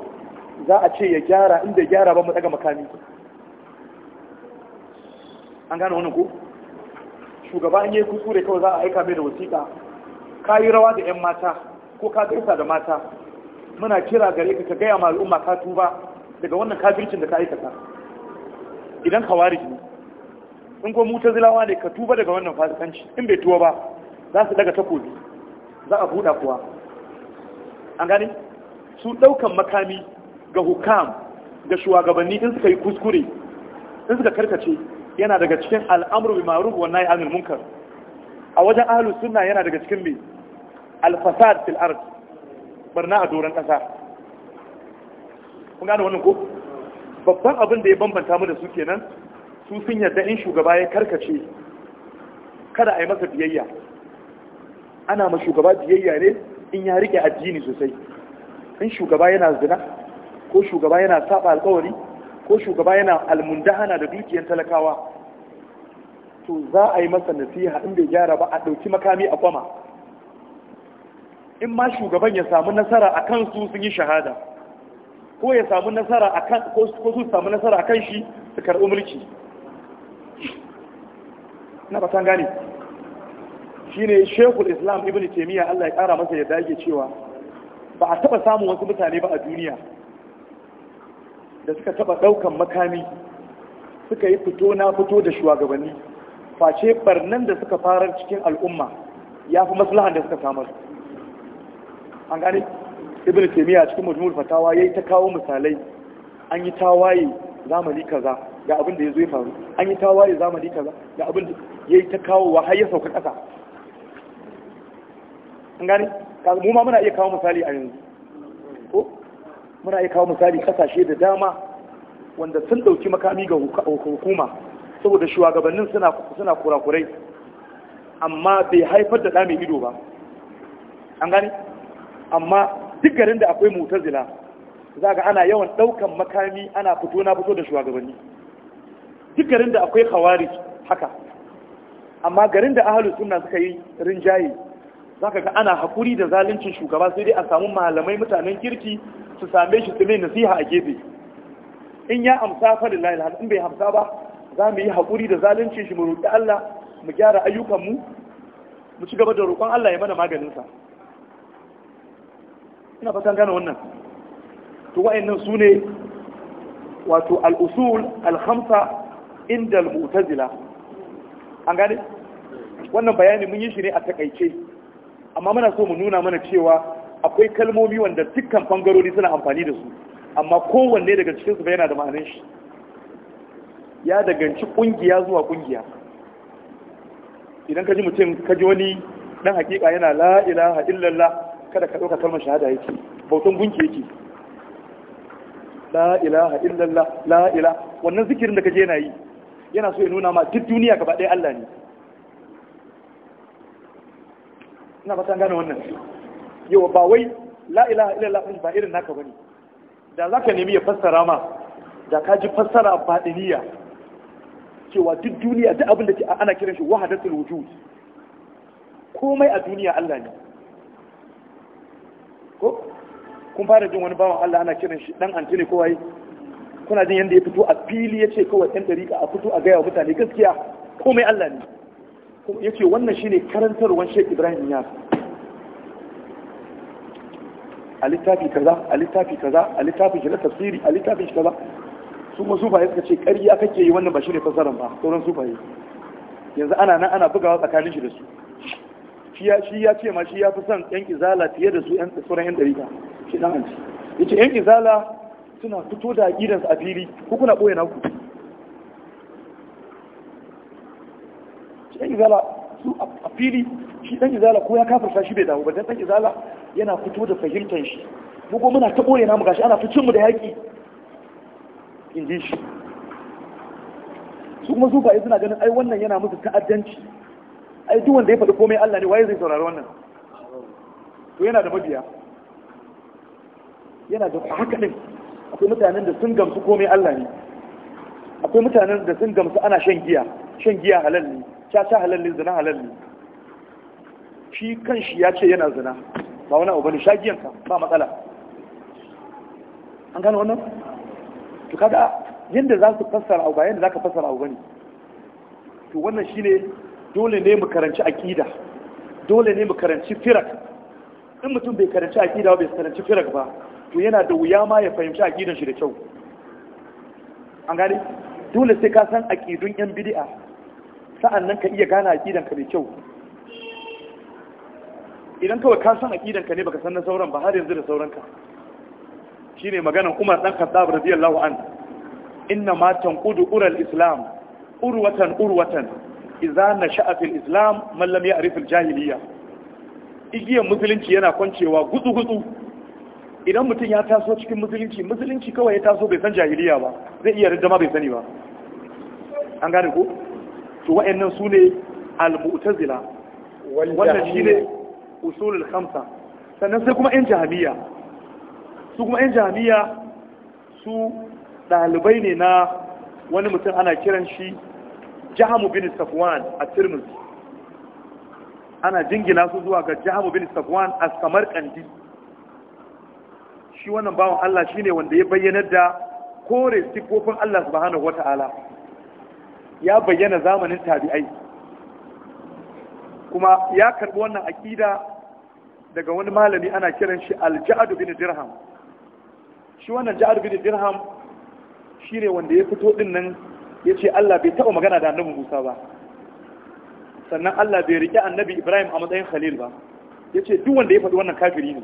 za a ce ya gyara inda gyara ba mu daga makami an gane wani ku, shugaba an yi kuskure kawai za a aika mai da wasiƙa ka yi rawa da 'yan mata ko ka gaisa da mata muna kira gare ka ka gaya ma ka tuba daga wannan kafircin da ka aikata idan khawarij ne in ko mutazilawa ne ka tuba daga wannan fasikanci in bai tuwa ba za su daga takobi za a buɗa kuwa an gane su ɗaukan makami ga hukam ga shugabanni in suka yi kuskure in suka karkace yana daga cikin al'amuru bi ma'ruf wa nahy anil munkar a wajen ahlus sunna yana daga cikin me alfasad fil ard barna a doron ƙasa kun gane wannan ko babban abin da ya bambanta mu da su kenan su sun yarda in shugaba ya karkace kada a yi masa biyayya ana ma shugaba biyayya ne in ya rike addini sosai in shugaba yana zina ko shugaba yana saba alkawari ko shugaba yana almundahana da dukiyar talakawa to za a yi masa nasiha in bai gyara ba a ɗauki makami a kwama in ma shugaban ya samu nasara a kan su sun yi shahada ko ya samu nasara a kan ko su samu nasara a kan shi su karɓi mulki na ba san gane ne shekul islam ibn taimiyya allah ya ƙara masa ya dage cewa ba a taɓa samun wasu mutane ba a duniya da suka taɓa ɗaukan makami suka yi fito na fito da shugabanni face barnan da suka farar cikin al'umma ya fi maslahan da suka samar an gane ibn taymiya cikin majmuul fatawa yayi ta kawo misalai an yi tawaye zamani kaza ga abin da yazo ya faru an yi tawaye zamani kaza ga abin da yayi ta kawo wa har ya sauka kasa an gane mu ma muna iya kawo misali a yanzu ko muna iya kawo misali kasashe da dama wanda sun dauki makami ga hukuma saboda shugabannin suna suna kurakurai amma bai haifar da ɗa mai ido ba an gane amma duk garin da akwai mutazila za ga ana yawan ɗaukan makami ana fito na fito da shugabanni duk garin da akwai khawari haka amma garin da ahalu sunna suka yi rinjaye za ka ga ana haƙuri da zaluncin shugaba sai dai a samu malamai mutanen kirki su same shi su mai nasiha a gefe in ya amsa fadin layin bai hamsa ba za mu yi haƙuri da zaluncin shi mu roƙi Allah mu gyara ayyukanmu, mu mu ci gaba da roƙon Allah ya mana maganinsa. ina fatan gane wannan to wa'annan su ne wato al'usul alhamsa inda al-mu'tazila an gane wannan bayani mun yi shi ne a takaice amma muna so mu nuna mana cewa akwai kalmomi wanda dukkan bangarori suna amfani da su amma kowanne daga cikin su yana da ma'anar shi ya daganci ƙungiya zuwa ƙungiya. idan ka ji mutum ka ji wani dan hakika yana la ilaha illallah kada ka ɗauka kalmar shahada yake bautan gunki yake la ilaha illallah la ila. wannan zikirin da kaje yana yi yana so ya nuna ma duk duniya gaba ɗaya Allah ne ina ta gane wannan yau ba wai la ilaha illallah ba irin naka bane da zaka nemi ya fassara ma da ka ji fassara badiniya cewa duk duniya duk abin da ana kiran shi wahadatul wujud komai a duniya Allah ne ko kun fara jin wani bawan Allah ana kiran shi dan antini ko wai kuna jin yanda ya fito a fili yace kawai dan dariƙa a fito a gaya wa mutane gaskiya komai Allah ne yace wannan shine karantarwar Sheikh Ibrahim Niyas a kaza a kaza alitafi shi na tafsiri a shi kaza su ma sufaye suka ce ƙarya kake yi wannan ba shi ne fasaran ba sauran sufaye yanzu ana nan ana bugawa tsakanin shi da su shi ya ce ma shi ya fi son yan izala fiye da su yan tsoron yan dariƙa shi dan ya ce yan izala suna fito da su a fili ku kuna ɓoye naku yan izala su a fili shi dan izala ko ya kafarsa shi bai dawo ba dan ɗan izala yana fito da fahimtar shi mu ko muna ta ɓoye namu gashi ana ficin da yaƙi in ji shi su kuma su ba suna ganin ai wannan yana musu ta'addanci ai duk wanda ya faɗi komai Allah ne waye zai saurari wannan to yana da mabiya yana da haka din akwai mutanen da sun gamsu komai Allah ne akwai mutanen da sun gamsu ana shan giya shan giya halal ne caca halal ne zina halal ne shi kan shi ya ce yana zina ba wani abu ne sha giyanka ba matsala an gano wannan to kaga yadda za su fassara abu ba yadda za ka fassara abu ba ne. to wannan shine dole ne mu karanci aƙida, dole ne mu karanci firak in mutum bai karanci aƙida, ba bai karanci firak ba to yana da wuya ma ya fahimci aƙidan shi da kyau an gane dole sai ka san aƙidun yan bid'a sa'annan ka iya gane aqidan ka da kyau idan kawai ka san aqidan ka ne baka san na sauran ba har yanzu da sauran ka shine maganar Umar dan Khattab radiyallahu an inna ma tanqudu ural islam urwatan urwatan iza na sha'afin islam mallam ya arifin jahiliya igiyar musulunci yana kwancewa gutsu-gutsu idan mutum ya taso cikin musulunci musulunci kawai ya taso bai san jahiliya ba zai iya rindama bai sani ba an gane ko to wa'annan su ne al-mu'tazila wannan shi ne usulul khamsa sannan sai kuma yan jahiliya su kuma yan jahiliya su ɗalibai ne na wani mutum ana kiran shi jahamu bin safwan a tirmizi ana jingina su zuwa ga jahamu bin safwan a samarkandi shi wannan bawan Allah shine wanda ya bayyana da kore sifofin Allah subhanahu wata'ala ya bayyana zamanin tabi'ai kuma ya karbi wannan akida daga wani malami ana kiran shi alja'adu bin dirham shi wannan ja'adu bin dirham shine wanda ya fito din nan ya ce Allah bai taɓa magana da annabi Musa ba sannan Allah bai riƙe annabi Ibrahim a matsayin Khalil ba ya ce duk wanda ya faɗi wannan kafiri ne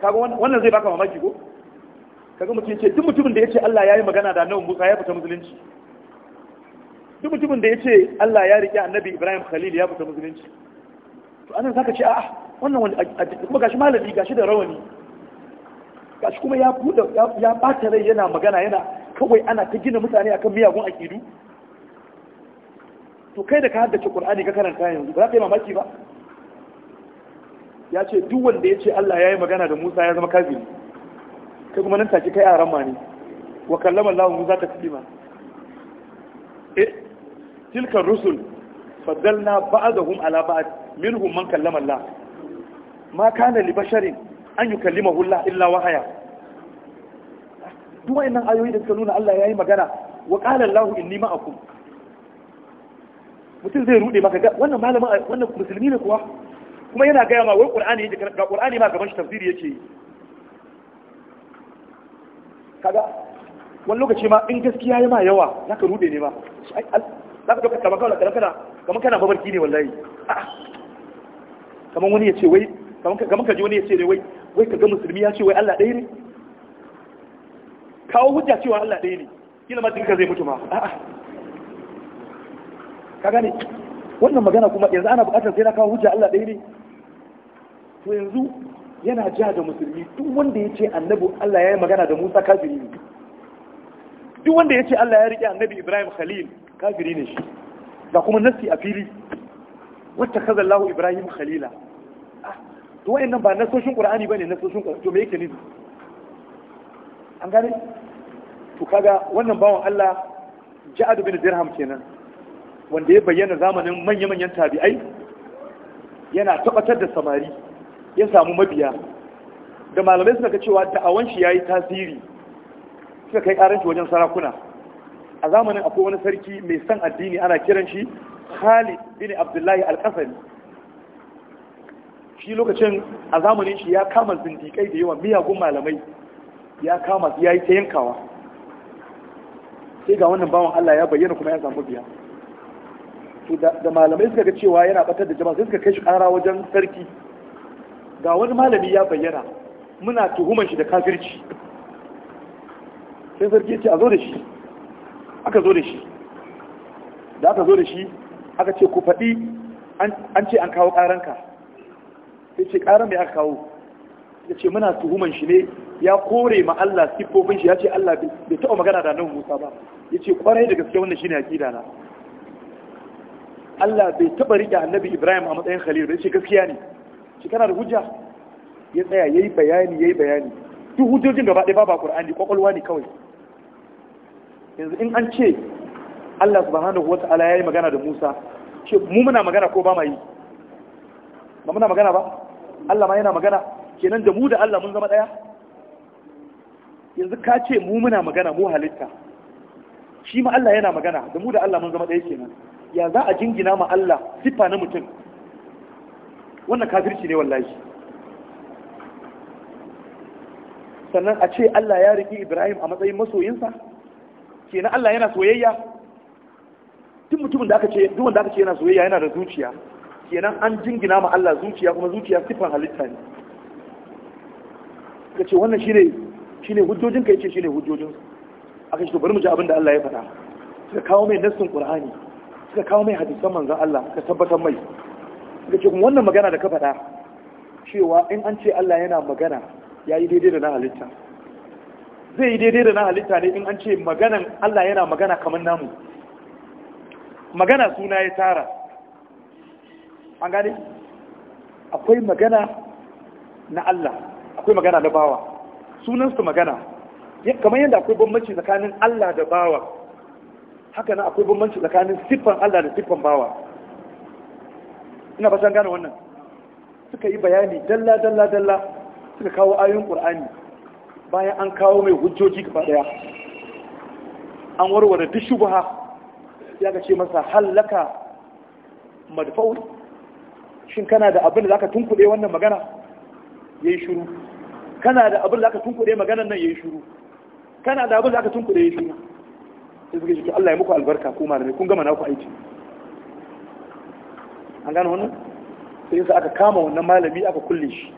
kaga wannan zai baka mamaki ko kaga mutum ce duk mutumin da ya ce Allah ya yi magana da annabi Musa ya fita musulunci duk mutumin da ya ce Allah ya riƙe annabi Ibrahim Khalil ya fita musulunci to anan zaka ce a'a wannan wani kuma gashi malami gashi da rawani gashi kuma ya ɓata ya bata rai yana magana yana kawai ana ta gina mutane akan miyagun akidu to kai da ka haddace qur'ani ka karanta yanzu ba za ka yi mamaki ba ya ce duk wanda ya ce Allah ya yi magana da Musa ya zama kafiri Ka kuma nan take kai aran ma ne wa kallama Allah Musa ma. eh tilka rusul faddalna ba'dahum ala ba'd minhum man kallama Allah ma kana li basharin an yukallimahu Allah illa wahaya duk nan ayoyi da suka nuna Allah ya yi magana wa in Allahu inni ma'akum mutum zai rude maka wannan malamin wannan musulmi ne kuwa kuma yana gaya ma wai qur'ani yake ga ƙur'ani ma gaban shi tafsiri yake kaga wani lokaci ma in gaskiya ya ma yawa za ka rude ne ma za ka kamar kana kana kamar kana babarki ne wallahi kamar wani ya ce wai kamar ka ji wani ya ce ne wai wai ka ga musulmi ya ce wai Allah ɗaya ne kawo hujja cewa Allah ɗaya ne kila ma jinka zai mutu ma a'a ka gane wannan magana kuma yanzu ana buƙatar sai na kawo hujja Allah ɗaya ne to yanzu yana ja da musulmi duk wanda ya ce annabi Allah ya yi magana da Musa kafiri ne duk wanda ya ce Allah ya riƙe annabi Ibrahim Khalil kafiri ne shi ga kuma nasi a fili wacce kaza Allahu Ibrahim Khalila ah, to wayannan ba nasoshin Qur'ani bane nasoshin Qur'ani to me yake nufi an gane to kaga wannan bawan Allah ja'ad bin dirham kenan wanda ya bayyana zamanin manya-manyan tabi'ai yana tabbatar da samari ya samu mabiya da malamai suka cewa da'awan shi yayi tasiri suka kai karanci wajen sarakuna a zamanin akwai wani sarki mai san addini ana kiran shi Khalid bin Abdullahi al qasim shi lokacin a zamanin shi ya kama zindikai da yawa miyagun malamai ya kama ya yi ta yankawa sai ga wannan bawan Allah ya bayyana kuma ya samu biya to da malamai suka ga cewa yana batar da jama'a sai suka kai shi ƙara wajen sarki ga wani malami ya bayyana muna tuhumar shi da kafirci sai sarki ya ce a zo da shi aka zo da shi da aka zo da shi aka ce ku faɗi an ce an kawo ƙaranka sai ce ƙaran mai aka kawo da ce muna tuhuman shi ne ya kore ma Allah siffofin shi ya ce Allah bai taɓa magana da nan Musa ba ya ce ƙwarai da gaske wannan ne aƙida na Allah bai taɓa riƙe annabi Ibrahim a matsayin Khalil ya ce gaskiya ne shi kana da hujja ya tsaya yayi bayani yayi bayani duk hujjojin gaba ɗaya ba Qur'ani ƙwaƙwalwa ne kawai yanzu in an ce Allah subhanahu wata'ala yayi magana da Musa ce mu muna magana ko ba ma yi ba muna magana ba Allah ma yana magana kenan da mu da Allah mun zama ɗaya yanzu ka ce mu muna magana mu halitta shi ma Allah yana magana da mu da Allah mun zama ɗaya kenan ya za a jingina ma Allah siffa na mutum wannan kafirci ne wallahi sannan a ce Allah ya riƙi Ibrahim a matsayin masoyinsa kenan Allah yana soyayya duk mutumin da aka ce duk wanda aka ce yana soyayya yana da zuciya kenan an jingina ma Allah zuciya kuma zuciya siffan halitta ne Ka ce wannan shine shine hujjojin ka yace shine hujjojin aka ce to bari mu ji abin da Allah ya faɗa suka kawo mai nassin Qur'ani suka kawo mai hadisan manzon Allah Ka tabbatar mai suka ce kuma wannan magana da ka faɗa cewa in an ce Allah yana magana ya yi daidai da na halitta zai yi daidai da na halitta ne in an ce maganan Allah yana magana kamar namu magana suna ya tara an gane akwai magana na Allah akwai magana da bawa sunansu magana kamar yadda akwai bambanci tsakanin Allah da bawa haka nan akwai bambanci tsakanin siffan Allah da siffan bawa ina san gane wannan suka yi bayani dalla dalla dalla suka kawo ayoyin Qur'ani bayan an kawo mai hujjoji gaba daya an warware duk shubha ya ga ce masa halaka madfaul shin kana da abin da zaka tunkuɗe wannan magana yayi shiru kana da abin da aka tunkuɗe maganan nan ya yi shuru kana da abin da aka tunkuɗe ya yi shuru sai suka ce Allah ya muku albarka ko malamai kun gama naku aiki an gano wannan sai yasa aka kama wannan malami aka kulle shi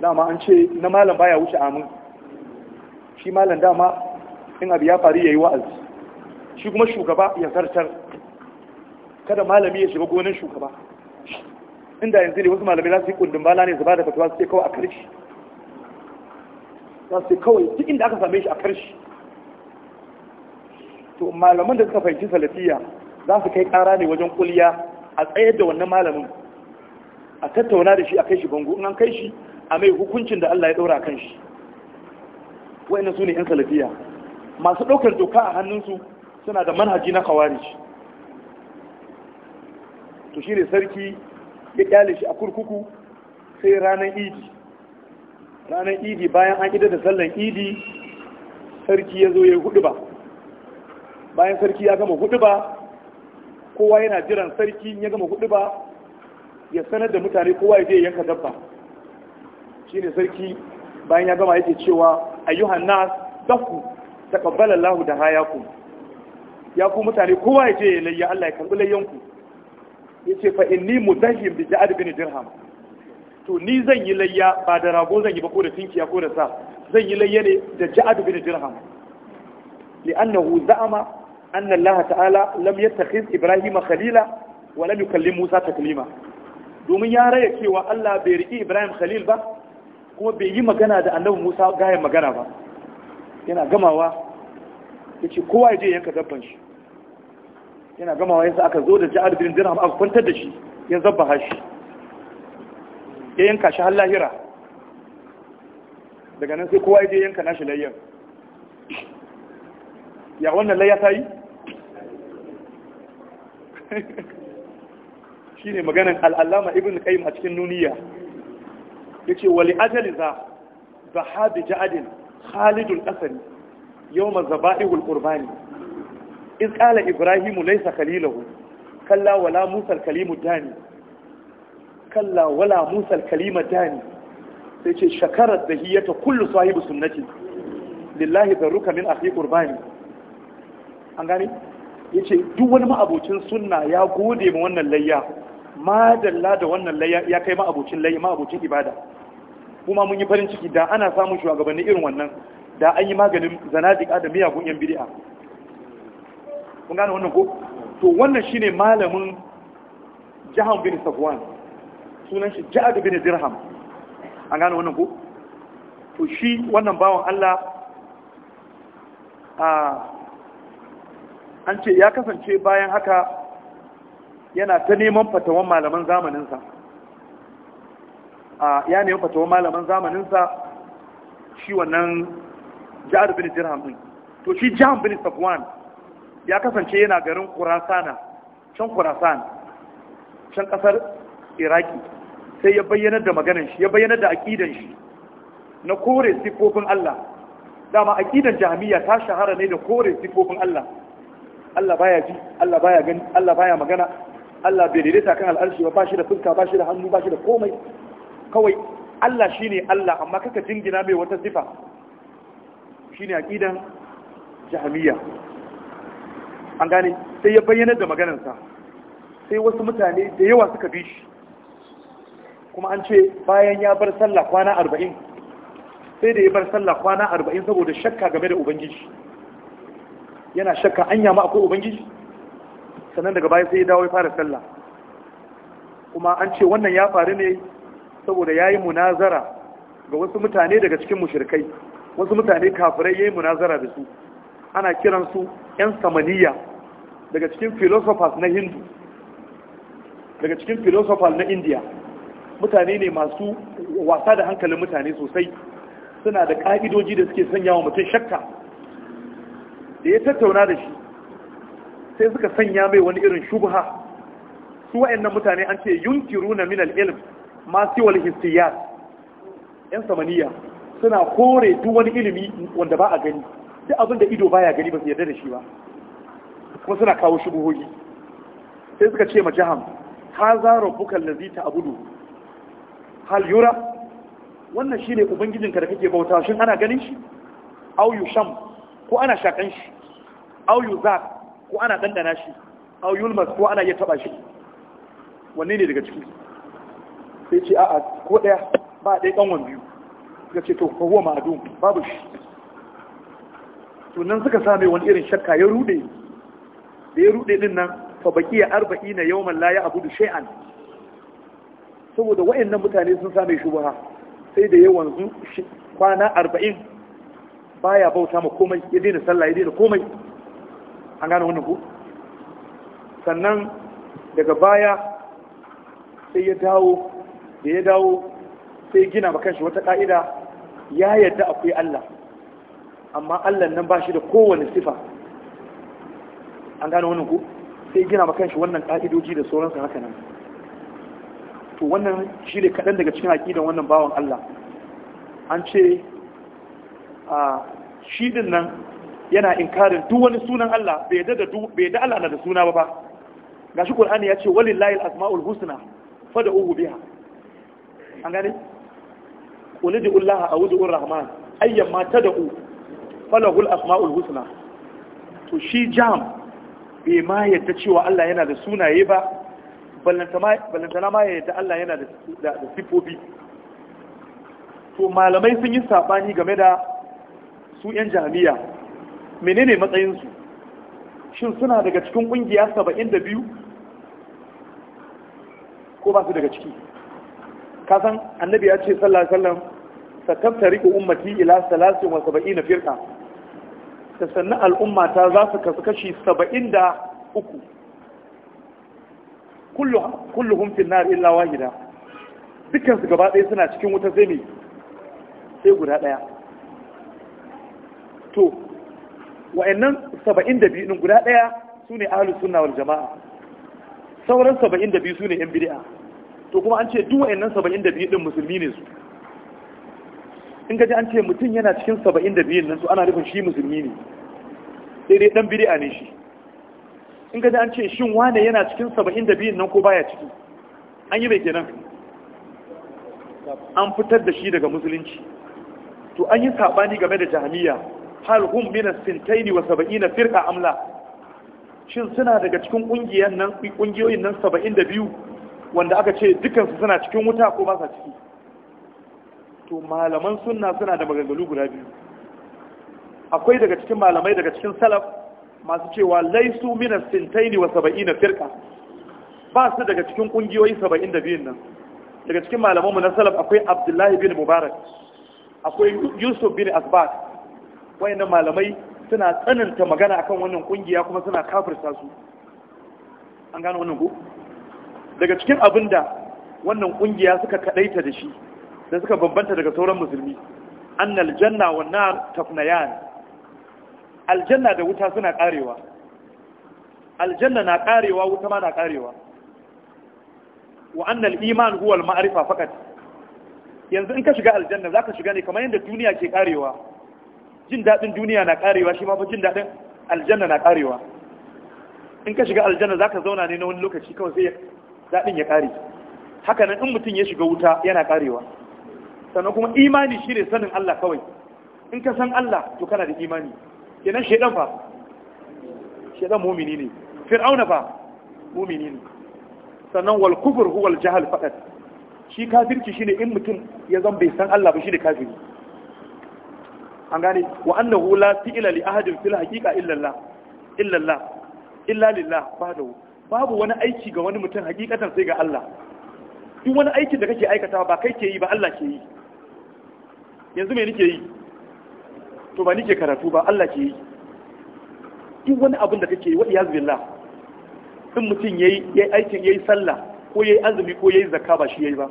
dama an ce na malam baya wuce amin shi malam dama in abu ya faru ya yi wa'azi shi kuma shugaba ya zartar kada malami ya shiga gonan shugaba inda yanzu ne wasu malamai za su yi kundin bala ne su ba da fatuwa su ce kawai a karshe za su kawai duk inda aka same shi a karshe to malaman da suka fahimci salafiya za su kai kara ne wajen kuliya a tsayar da wannan malamin a tattauna da shi a kai shi bango in an kai shi a mai hukuncin da Allah ya daura kan shi wayannan su ne yan salafiya masu ɗaukar doka a hannunsu suna da manhaji na khawarij to shine sarki ya kyale shi a kurkuku sai ranar idi ranar idi bayan an idar da sallan idi sarki ya zo ya hudu ba bayan sarki ya gama hudu ba kowa yana jiran sarki ya gama hudu ba ya sanar da mutane kowa ya je yanka dabba shi ne sarki bayan ya gama yake cewa ayyuhan nas dafu taqabbala Allahu da hayaku ya ku mutane kowa ya je ya layya Allah ya karbi layyanku yace fa inni mudahhim bi ja'ad bin dirham to ni zan yi layya ba da rago zan yi ba ko da tinkiya ko da sa zan yi layya ne da ja'ad bin dirham li'annahu za'ama anna Allah ta'ala lam yattakhiz Ibrahim khalila wa lam yukallim Musa taklima domin ya raya cewa Allah bai riki Ibrahim khalil ba kuma bai yi magana da Annabi Musa gayan magana ba yana gamawa yace kowa ya je yanka dabban shi yana gamawa yasa aka zo da ja'ad bin dirham aka kwantar da shi ya zabba hashi ya yanka shi har daga nan sai kowa ya je yanka nashi layyar ya wannan layya ta yi *laughs* shi ne maganin al'allama ibn qayyim a cikin nuniya ya ce wali ajali za za haɗi ja'adin khalidun asari yau ma zaba'ihul ƙurbani iz qala ibrahimu laysa khalilahu kalla wala musa kalimu dani kalla wala musa kalima dani sai ce shakarar da hiyata kullu sahibu sunnati lillahi barruka min akhi qurbani an gane yace duk wani ma'abocin sunna ya gode ma wannan layya madalla da wannan layya ya kai ma'abocin layya ma'abocin ibada kuma mun yi farin ciki da ana samun shugabanni irin wannan da an yi maganin zanadika da miyagun yan bid'a kun gane wannan ko to wannan shine malamin jahan bin safwan sunan shi ja'ad bin dirham an gane wannan ko to shi wannan bawan Allah a an ce ya kasance bayan haka yana ta neman fatawan malaman zamaninsa a ya neman fatawan malaman zamaninsa shi wannan ja'ad bin dirham din to shi jahan bin safwan ya kasance yana garin kurasana can kurasan can kasar iraki sai ya bayyanar da maganin shi ya bayyanar da aƙidan shi na kore siffofin Allah dama aƙidan jami'a ta shahara ne da kore siffofin Allah Allah baya ji Allah baya gani Allah baya magana Allah bai daidaita kan al'arshi ba shi da fuska ba shi da hannu ba shi da komai kawai Allah shine Allah amma kaka jingina mai wata sifa shine aqidan jami'a. an gane sai ya bayyana da maganarsa sai wasu mutane da yawa suka bi shi kuma an ce bayan ya bar sallah kwana arba'in sai da ya bar sallah kwana arba'in saboda shakka game da ubangiji yana shakka an yama akwai ubangiji sannan daga bayan sai ya dawo ya fara sallah kuma an ce wannan ya faru ne saboda ya yi munazara ga wasu mutane daga cikin mushirkai wasu mutane kafirai ya yi munazara da su ana kiransu 'yan samaniya daga cikin philosophers na hindu daga cikin philosophers na india mutane ne masu wasa da hankalin mutane sosai suna da ƙa'idoji da suke sanya wa mutum shakka da ya tattauna da shi sai suka sanya mai wani irin shubha su wa'annan mutane an ce yunkiruna na minal ilm masu siwal hissiyat 'yan samaniya suna kore duk wani ilimi wanda ba a gani duk abin da ido baya gani ba su yarda da shi ba kuma suna kawo shubuhoyi sai suka ce ma jaham ha za rabbuka ta abudu hal yura wannan shine ka da kake bauta shin ana ganin shi au yusham ko ana shakan shi au za ko ana dandana shi au yulmas ko ana iya taba shi wanne ne daga ciki sai ce a'a ko daya ba dai kanwan biyu suka ce to ko huwa ma'adum babu shi to nan suka same wani irin shakka ya rude da ya rude din nan fa ya baqiya 40 yawman abu da shay'an saboda nan mutane sun same shubha sai da yawan zu kwana arba'in baya bauta ma komai ya daina sallah ya daina komai an gane wannan ku sannan daga baya sai ya dawo da ya dawo sai gina ma kanshi wata ka'ida ya yadda akwai Allah amma Allah nan ba shi da kowane sifa an gano wannan ku sai gina maka shi wannan ƙa'idoji da sauransa haka nan to wannan shi ne kaɗan daga cikin da wannan bawan Allah an ce a shi din nan yana inkarin duk wani sunan Allah bai da Allah da suna ba ba shi ƙulani ya ce walillahi al-asma'ul husna uhu biya. an gane qul ullaha a a'udhu bir-rahman ayyamma da'u. falahul asma'ul husna to shi jam bai ma yadda cewa Allah yana da sunaye ba ballantana ma yadda Allah yana da sifofi to malamai sun yi sabani game da su 'yan jami'a menene matsayinsu shin suna daga cikin kungiya biyu? ko ba su daga ciki kasan annabi ya ce sallallahu alaihi wasallam sattabtariqu ummati ila 73 firqa da sannan al'umma ta za su kasu kashi saba'in da uku Kullum finna nar illa wahida dukkan su gaba ɗaya suna cikin wuta zai sai guda ɗaya to wa'annan saba'in da biyu guda ɗaya su ne ahalus wal jama'a sauran saba'in da biyu su ne yan biri’a to kuma an ce duk nan saba'in da biyu ɗin musulmi ne su in gaji an ce mutum yana cikin saba'in da biyun nan to ana nufin shi musulmi ne sai dai dan biri'a ne shi in gaji an ce shin wane yana cikin saba'in da biyun nan ko baya ciki an yi bai kenan an fitar da shi daga musulunci to an yi saɓani game da jahiliya hal hum min as-sintaini wa na firqa amla shin suna daga cikin ƙungiyoyin nan saba'in da biyu wanda aka ce dukansu suna cikin wuta ko ba sa ciki to malaman sunna suna da magagalu guda biyu akwai daga cikin malamai daga cikin salaf masu cewa laisu minas sintaini wa saba'ina firka ba su daga cikin kungiyoyi saba'in da biyun nan daga cikin malamanmu na salaf akwai abdullahi bin mubarak akwai yusuf bin asbat wayannan malamai suna tsananta magana akan wannan kungiya kuma suna kafirta su an gano wannan ku daga cikin abinda wannan kungiya suka kadaita da shi Da suka bambanta daga sauran musulmi annal janna wan nar tafnayan aljanna da wuta suna karewa aljanna na karewa wuta ma na karewa wa annal iman huwa al ma'rifa faqat yanzu in ka shiga aljanna zaka shiga ne kamar yadda duniya ke karewa jin dadin duniya na karewa shi ma fa jin dadin aljanna na karewa in ka shiga aljanna zaka zauna ne na wani lokaci kawai sai dadin ya kare haka nan in mutum ya shiga wuta yana karewa sannan kuma imani shi ne sanin Allah kawai in ka san Allah to kana da imani kenan shaidan fa shaidan mumini ne fir'auna fa mumini ne sannan wal kufur huwa al jahl faqat shi kafirci shine in mutum ya zan bai san Allah ba shine kafiri an gane wa annahu la fi'la li ahadin fil haqiqa illa Allah illa Allah illa lillah fadahu babu wani aiki ga wani mutum hakikatan sai ga Allah duk wani aiki da kake aikata ba kai ke yi ba Allah ke yi yanzu me nike yi to ba nike karatu ba Allah ke yi duk wani abin da kake yi wa iyaz billah in mutum ya yi aikin ya yi sallah ko ya yi azumi ko ya yi zakka ba shi yi ba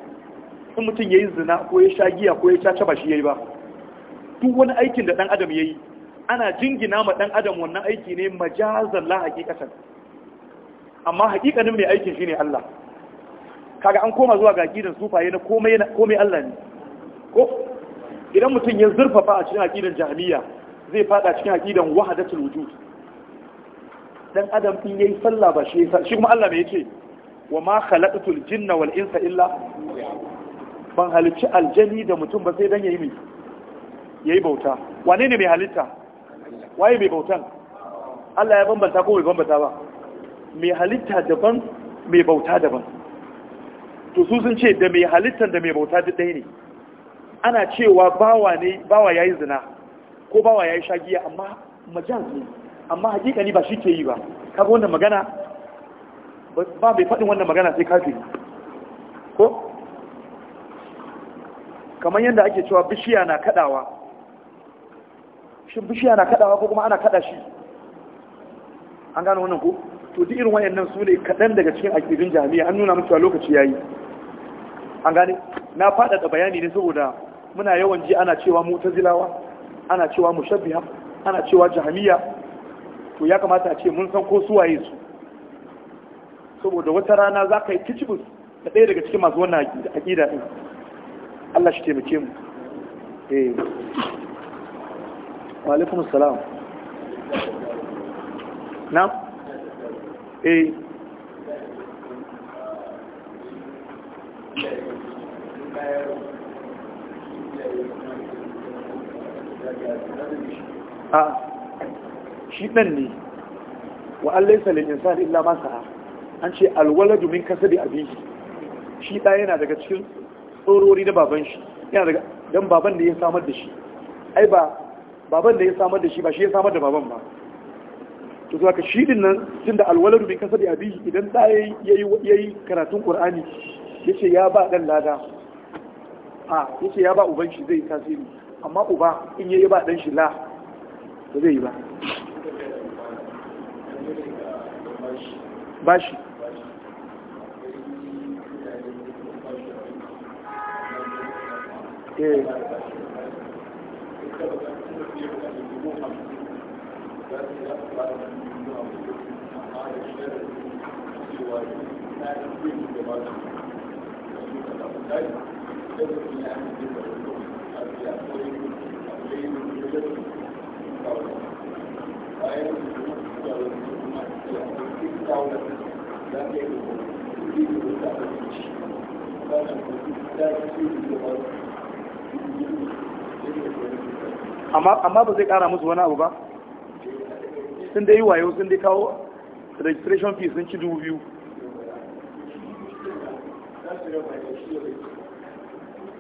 in mutum ya yi zina ko ya sha giya ko ya caca ba shi yi ba duk wani aikin da dan adam ya yi ana jingina ma dan adam wannan aiki ne majazan la hakikatan amma hakikanin mai aikin shine Allah kaga an koma zuwa ga gidan sufaye na komai komai Allah ne ko idan mutum ya zurfafa a cikin aqidan jami'a, zai fada cikin aqidan wahdatul wujud dan adam in yayi sallah ba shi shi kuma Allah me yace wa ma khalaqatul jinna wal insa illa ban halicci aljani da mutum ba sai dan yayi mai yayi bauta wane ne mai halitta waye mai bautan Allah ya bambanta ko bai bambanta ba mai halitta daban mai bauta daban to su sun ce da mai halittan da mai bauta duk ɗaya ne ana cewa bawa ne bawa yayi zina ko bawa yayi shagiya amma majaz ne amma hakikani ba shi ke yi ba kaga wannan magana ba bai faɗin wannan magana sai kafiri ko kamar yadda ake cewa bishiya na kadawa shin bishiya na kadawa ko kuma ana kada shi an gano wannan ko to duk irin wayannan su ne kaɗan daga cikin akidun jami'a an nuna mutuwa lokaci yayi an gane na faɗaɗa bayani ne saboda muna yawan ji ana cewa mutazilawa ana cewa mushabbiha ana cewa jahamiya to ya kamata a ce mun san ko suwaye su saboda wata rana za ka yi kicibus da ɗaya daga cikin masu wannan aƙida ɗin Allah shi taimake mu eh alaikum salam na eh Thank you. a shi ɗan ne wa an laisa lil illa ma sa'a an ce alwala domin kasa da abin shi ɗa yana daga cikin tsorori na baban shi yana daga don baban da ya samar da shi ai ba baban da ya samar da shi ba shi ya samar da baban ba to zaka shi din nan domin kasa da abin shi idan ɗa ya yi karatun ya ce ya ba ɗan lada a yake ya ba uban shi zai tasiri amma uba in yi ba dan shi la ba zai yi ba ba shi eh. Thank you. amma ba zai kara musu wani abu ba sun dai yi wayo sun dai kawo registration fee sun ci dubu biyu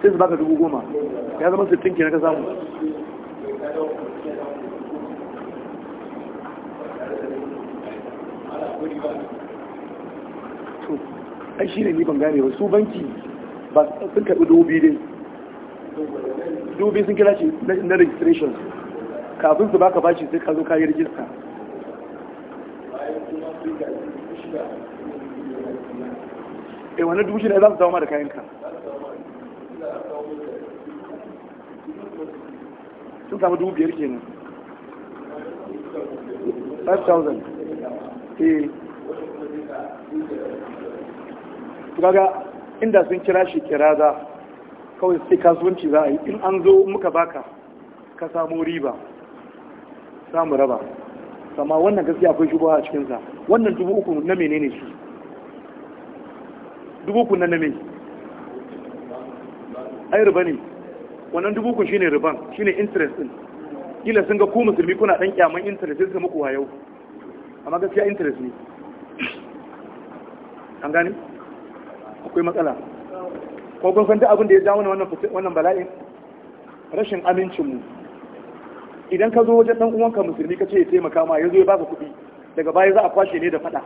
sai su baka dubu goma ya zama sittin ke na ka samu ai shi ne ni ban gane wasu banki ba sun karbi dubu biyu din dubu biyu sun kira shi na registration kafin su baka bashi sai ka zo ka yi rijista eh wannan dubu shida za su dawo ma da kayanka sun samu dubu biyar kenan 5000 eh to kaga inda sun kira shi za kawai sai kasuwanci za a yi in an zo muka baka ka samu riba samu raba sama wannan gaskiya akwai shubuwa a cikinsa wannan dubu uku na menene shi dubu uku na name ai riba ne wannan dubu uku shine riban shine interest din kila sun ga ku musulmi kuna dan kyaman interest sai muku wayo amma gaskiya interest ne an gane akwai matsala ko kun san abin da ya jawo wannan wannan bala'in rashin amincinmu. idan ka zo wajen ɗan uwanka musulmi ka ce ya taimaka ma zo ya ka kuɗi daga baya za a kwashe ne da faɗa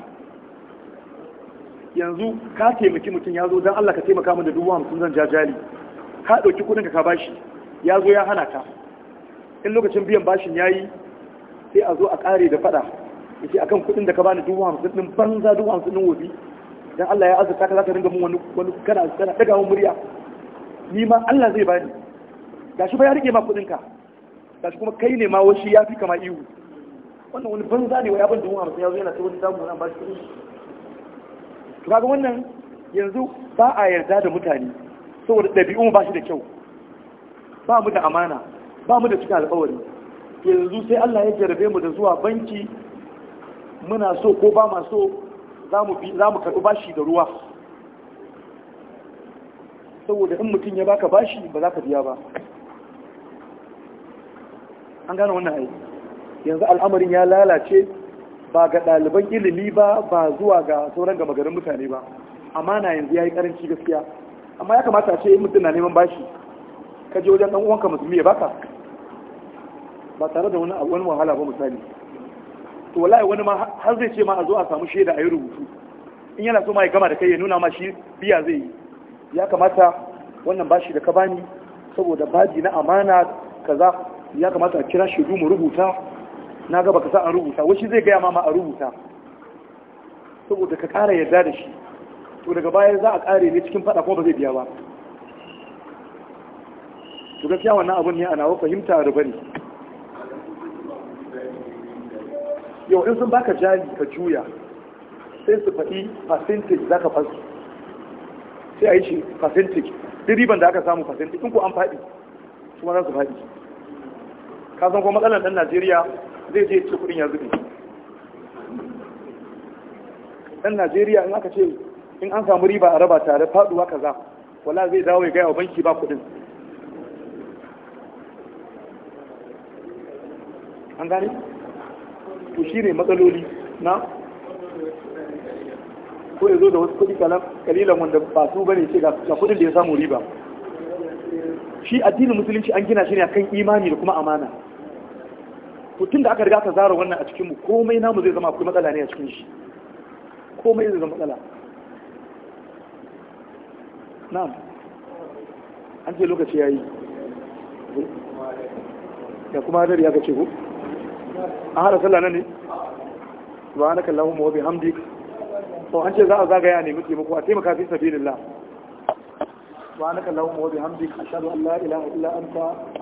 yanzu ka taimaki mutum ya zo don Allah ka taimaka min da dubu hamsin zan jajali ka ɗauki kuɗinka ka bashi ya zo ya hana ka in lokacin biyan bashin ya yi sai a zo a ƙare da faɗa ya ce akan kuɗin da ka bani dubu hamsin ɗin banza dubu hamsin ɗin wofi dan Allah ya azurta ka za ka ringa mun wani wani kana kana daga mun murya ni ma Allah zai bani gashi ba ya rike ma kudin ka gashi kuma kai ne ma washi ya fi kama iwu. wannan wani banza ne wa ya ban dubu hamsin ya yana ta wani damu wani ba shi kudin to kaga wannan yanzu ba a yarda da mutane saboda ɗabi'un ba shi da kyau ba mu da amana ba mu da cikin alƙawari yanzu sai Allah ya jarabe mu da zuwa banki muna so ko ba ma so za mu karɓi bashi da ruwa saboda in mutum ya baka bashi ba za ka biya ba an gane wannan aiki yanzu al'amarin ya lalace ba ga ɗaliban ilimi ba ba zuwa ga sauran gama garin mutane ba amma na yanzu ya yi ƙaranci gaskiya amma ya kamata ce yi mutum na neman bashi ka je wajen ɗan uwanka musulmi ya baka ba tare da wani wahala ba misali to wallahi wani ma har zai ce ma a zo a samu shaida a yi rubutu in yana so ma ya gama da kai ya nuna ma shi biya zai yi ya kamata wannan bashi da ka bani saboda baji na amana kaza ya kamata a kira shaidu mu rubuta na ga baka sa an rubuta wasu zai gaya ma a rubuta saboda ka kara yarda da shi to daga baya za a kare ne cikin fada kuma ba zai biya ba to gaskiya wannan abun ne ana wa fahimta da rubari yau in sun baka jari ka juya sai su faɗi fasintik za ka fasu sai a yi shi fasintik duk riban da aka samu fasintik in ko an faɗi kuma za su faɗi ka san kuma matsalar ɗan najeriya zai je ce kuɗin ya zube ɗan najeriya in aka ce in an samu riba a raba tare faɗuwa kaza wala zai dawo ya gaya wa banki ba kuɗin an gane to shi ne matsaloli na ko ya zo da wasu kuɗi kalilan wanda ba su bane ce ga kuɗin da ya samu riba shi addinin musulunci an gina shi ne akan imani da kuma amana to tun da aka riga ka zara wannan a cikinmu komai namu zai zama akwai matsala ne a cikin shi komai zai zama matsala na'am an ce lokaci ya yi da kuma hadari ya ga ce ko an hada sallah nan ne anaka allahumma wa bihamdik to an ce za a zagaya ne miki muku a taimaka fi sabilillah anaka allahumma wa bihamdik ashhadu an la ilaha illa anta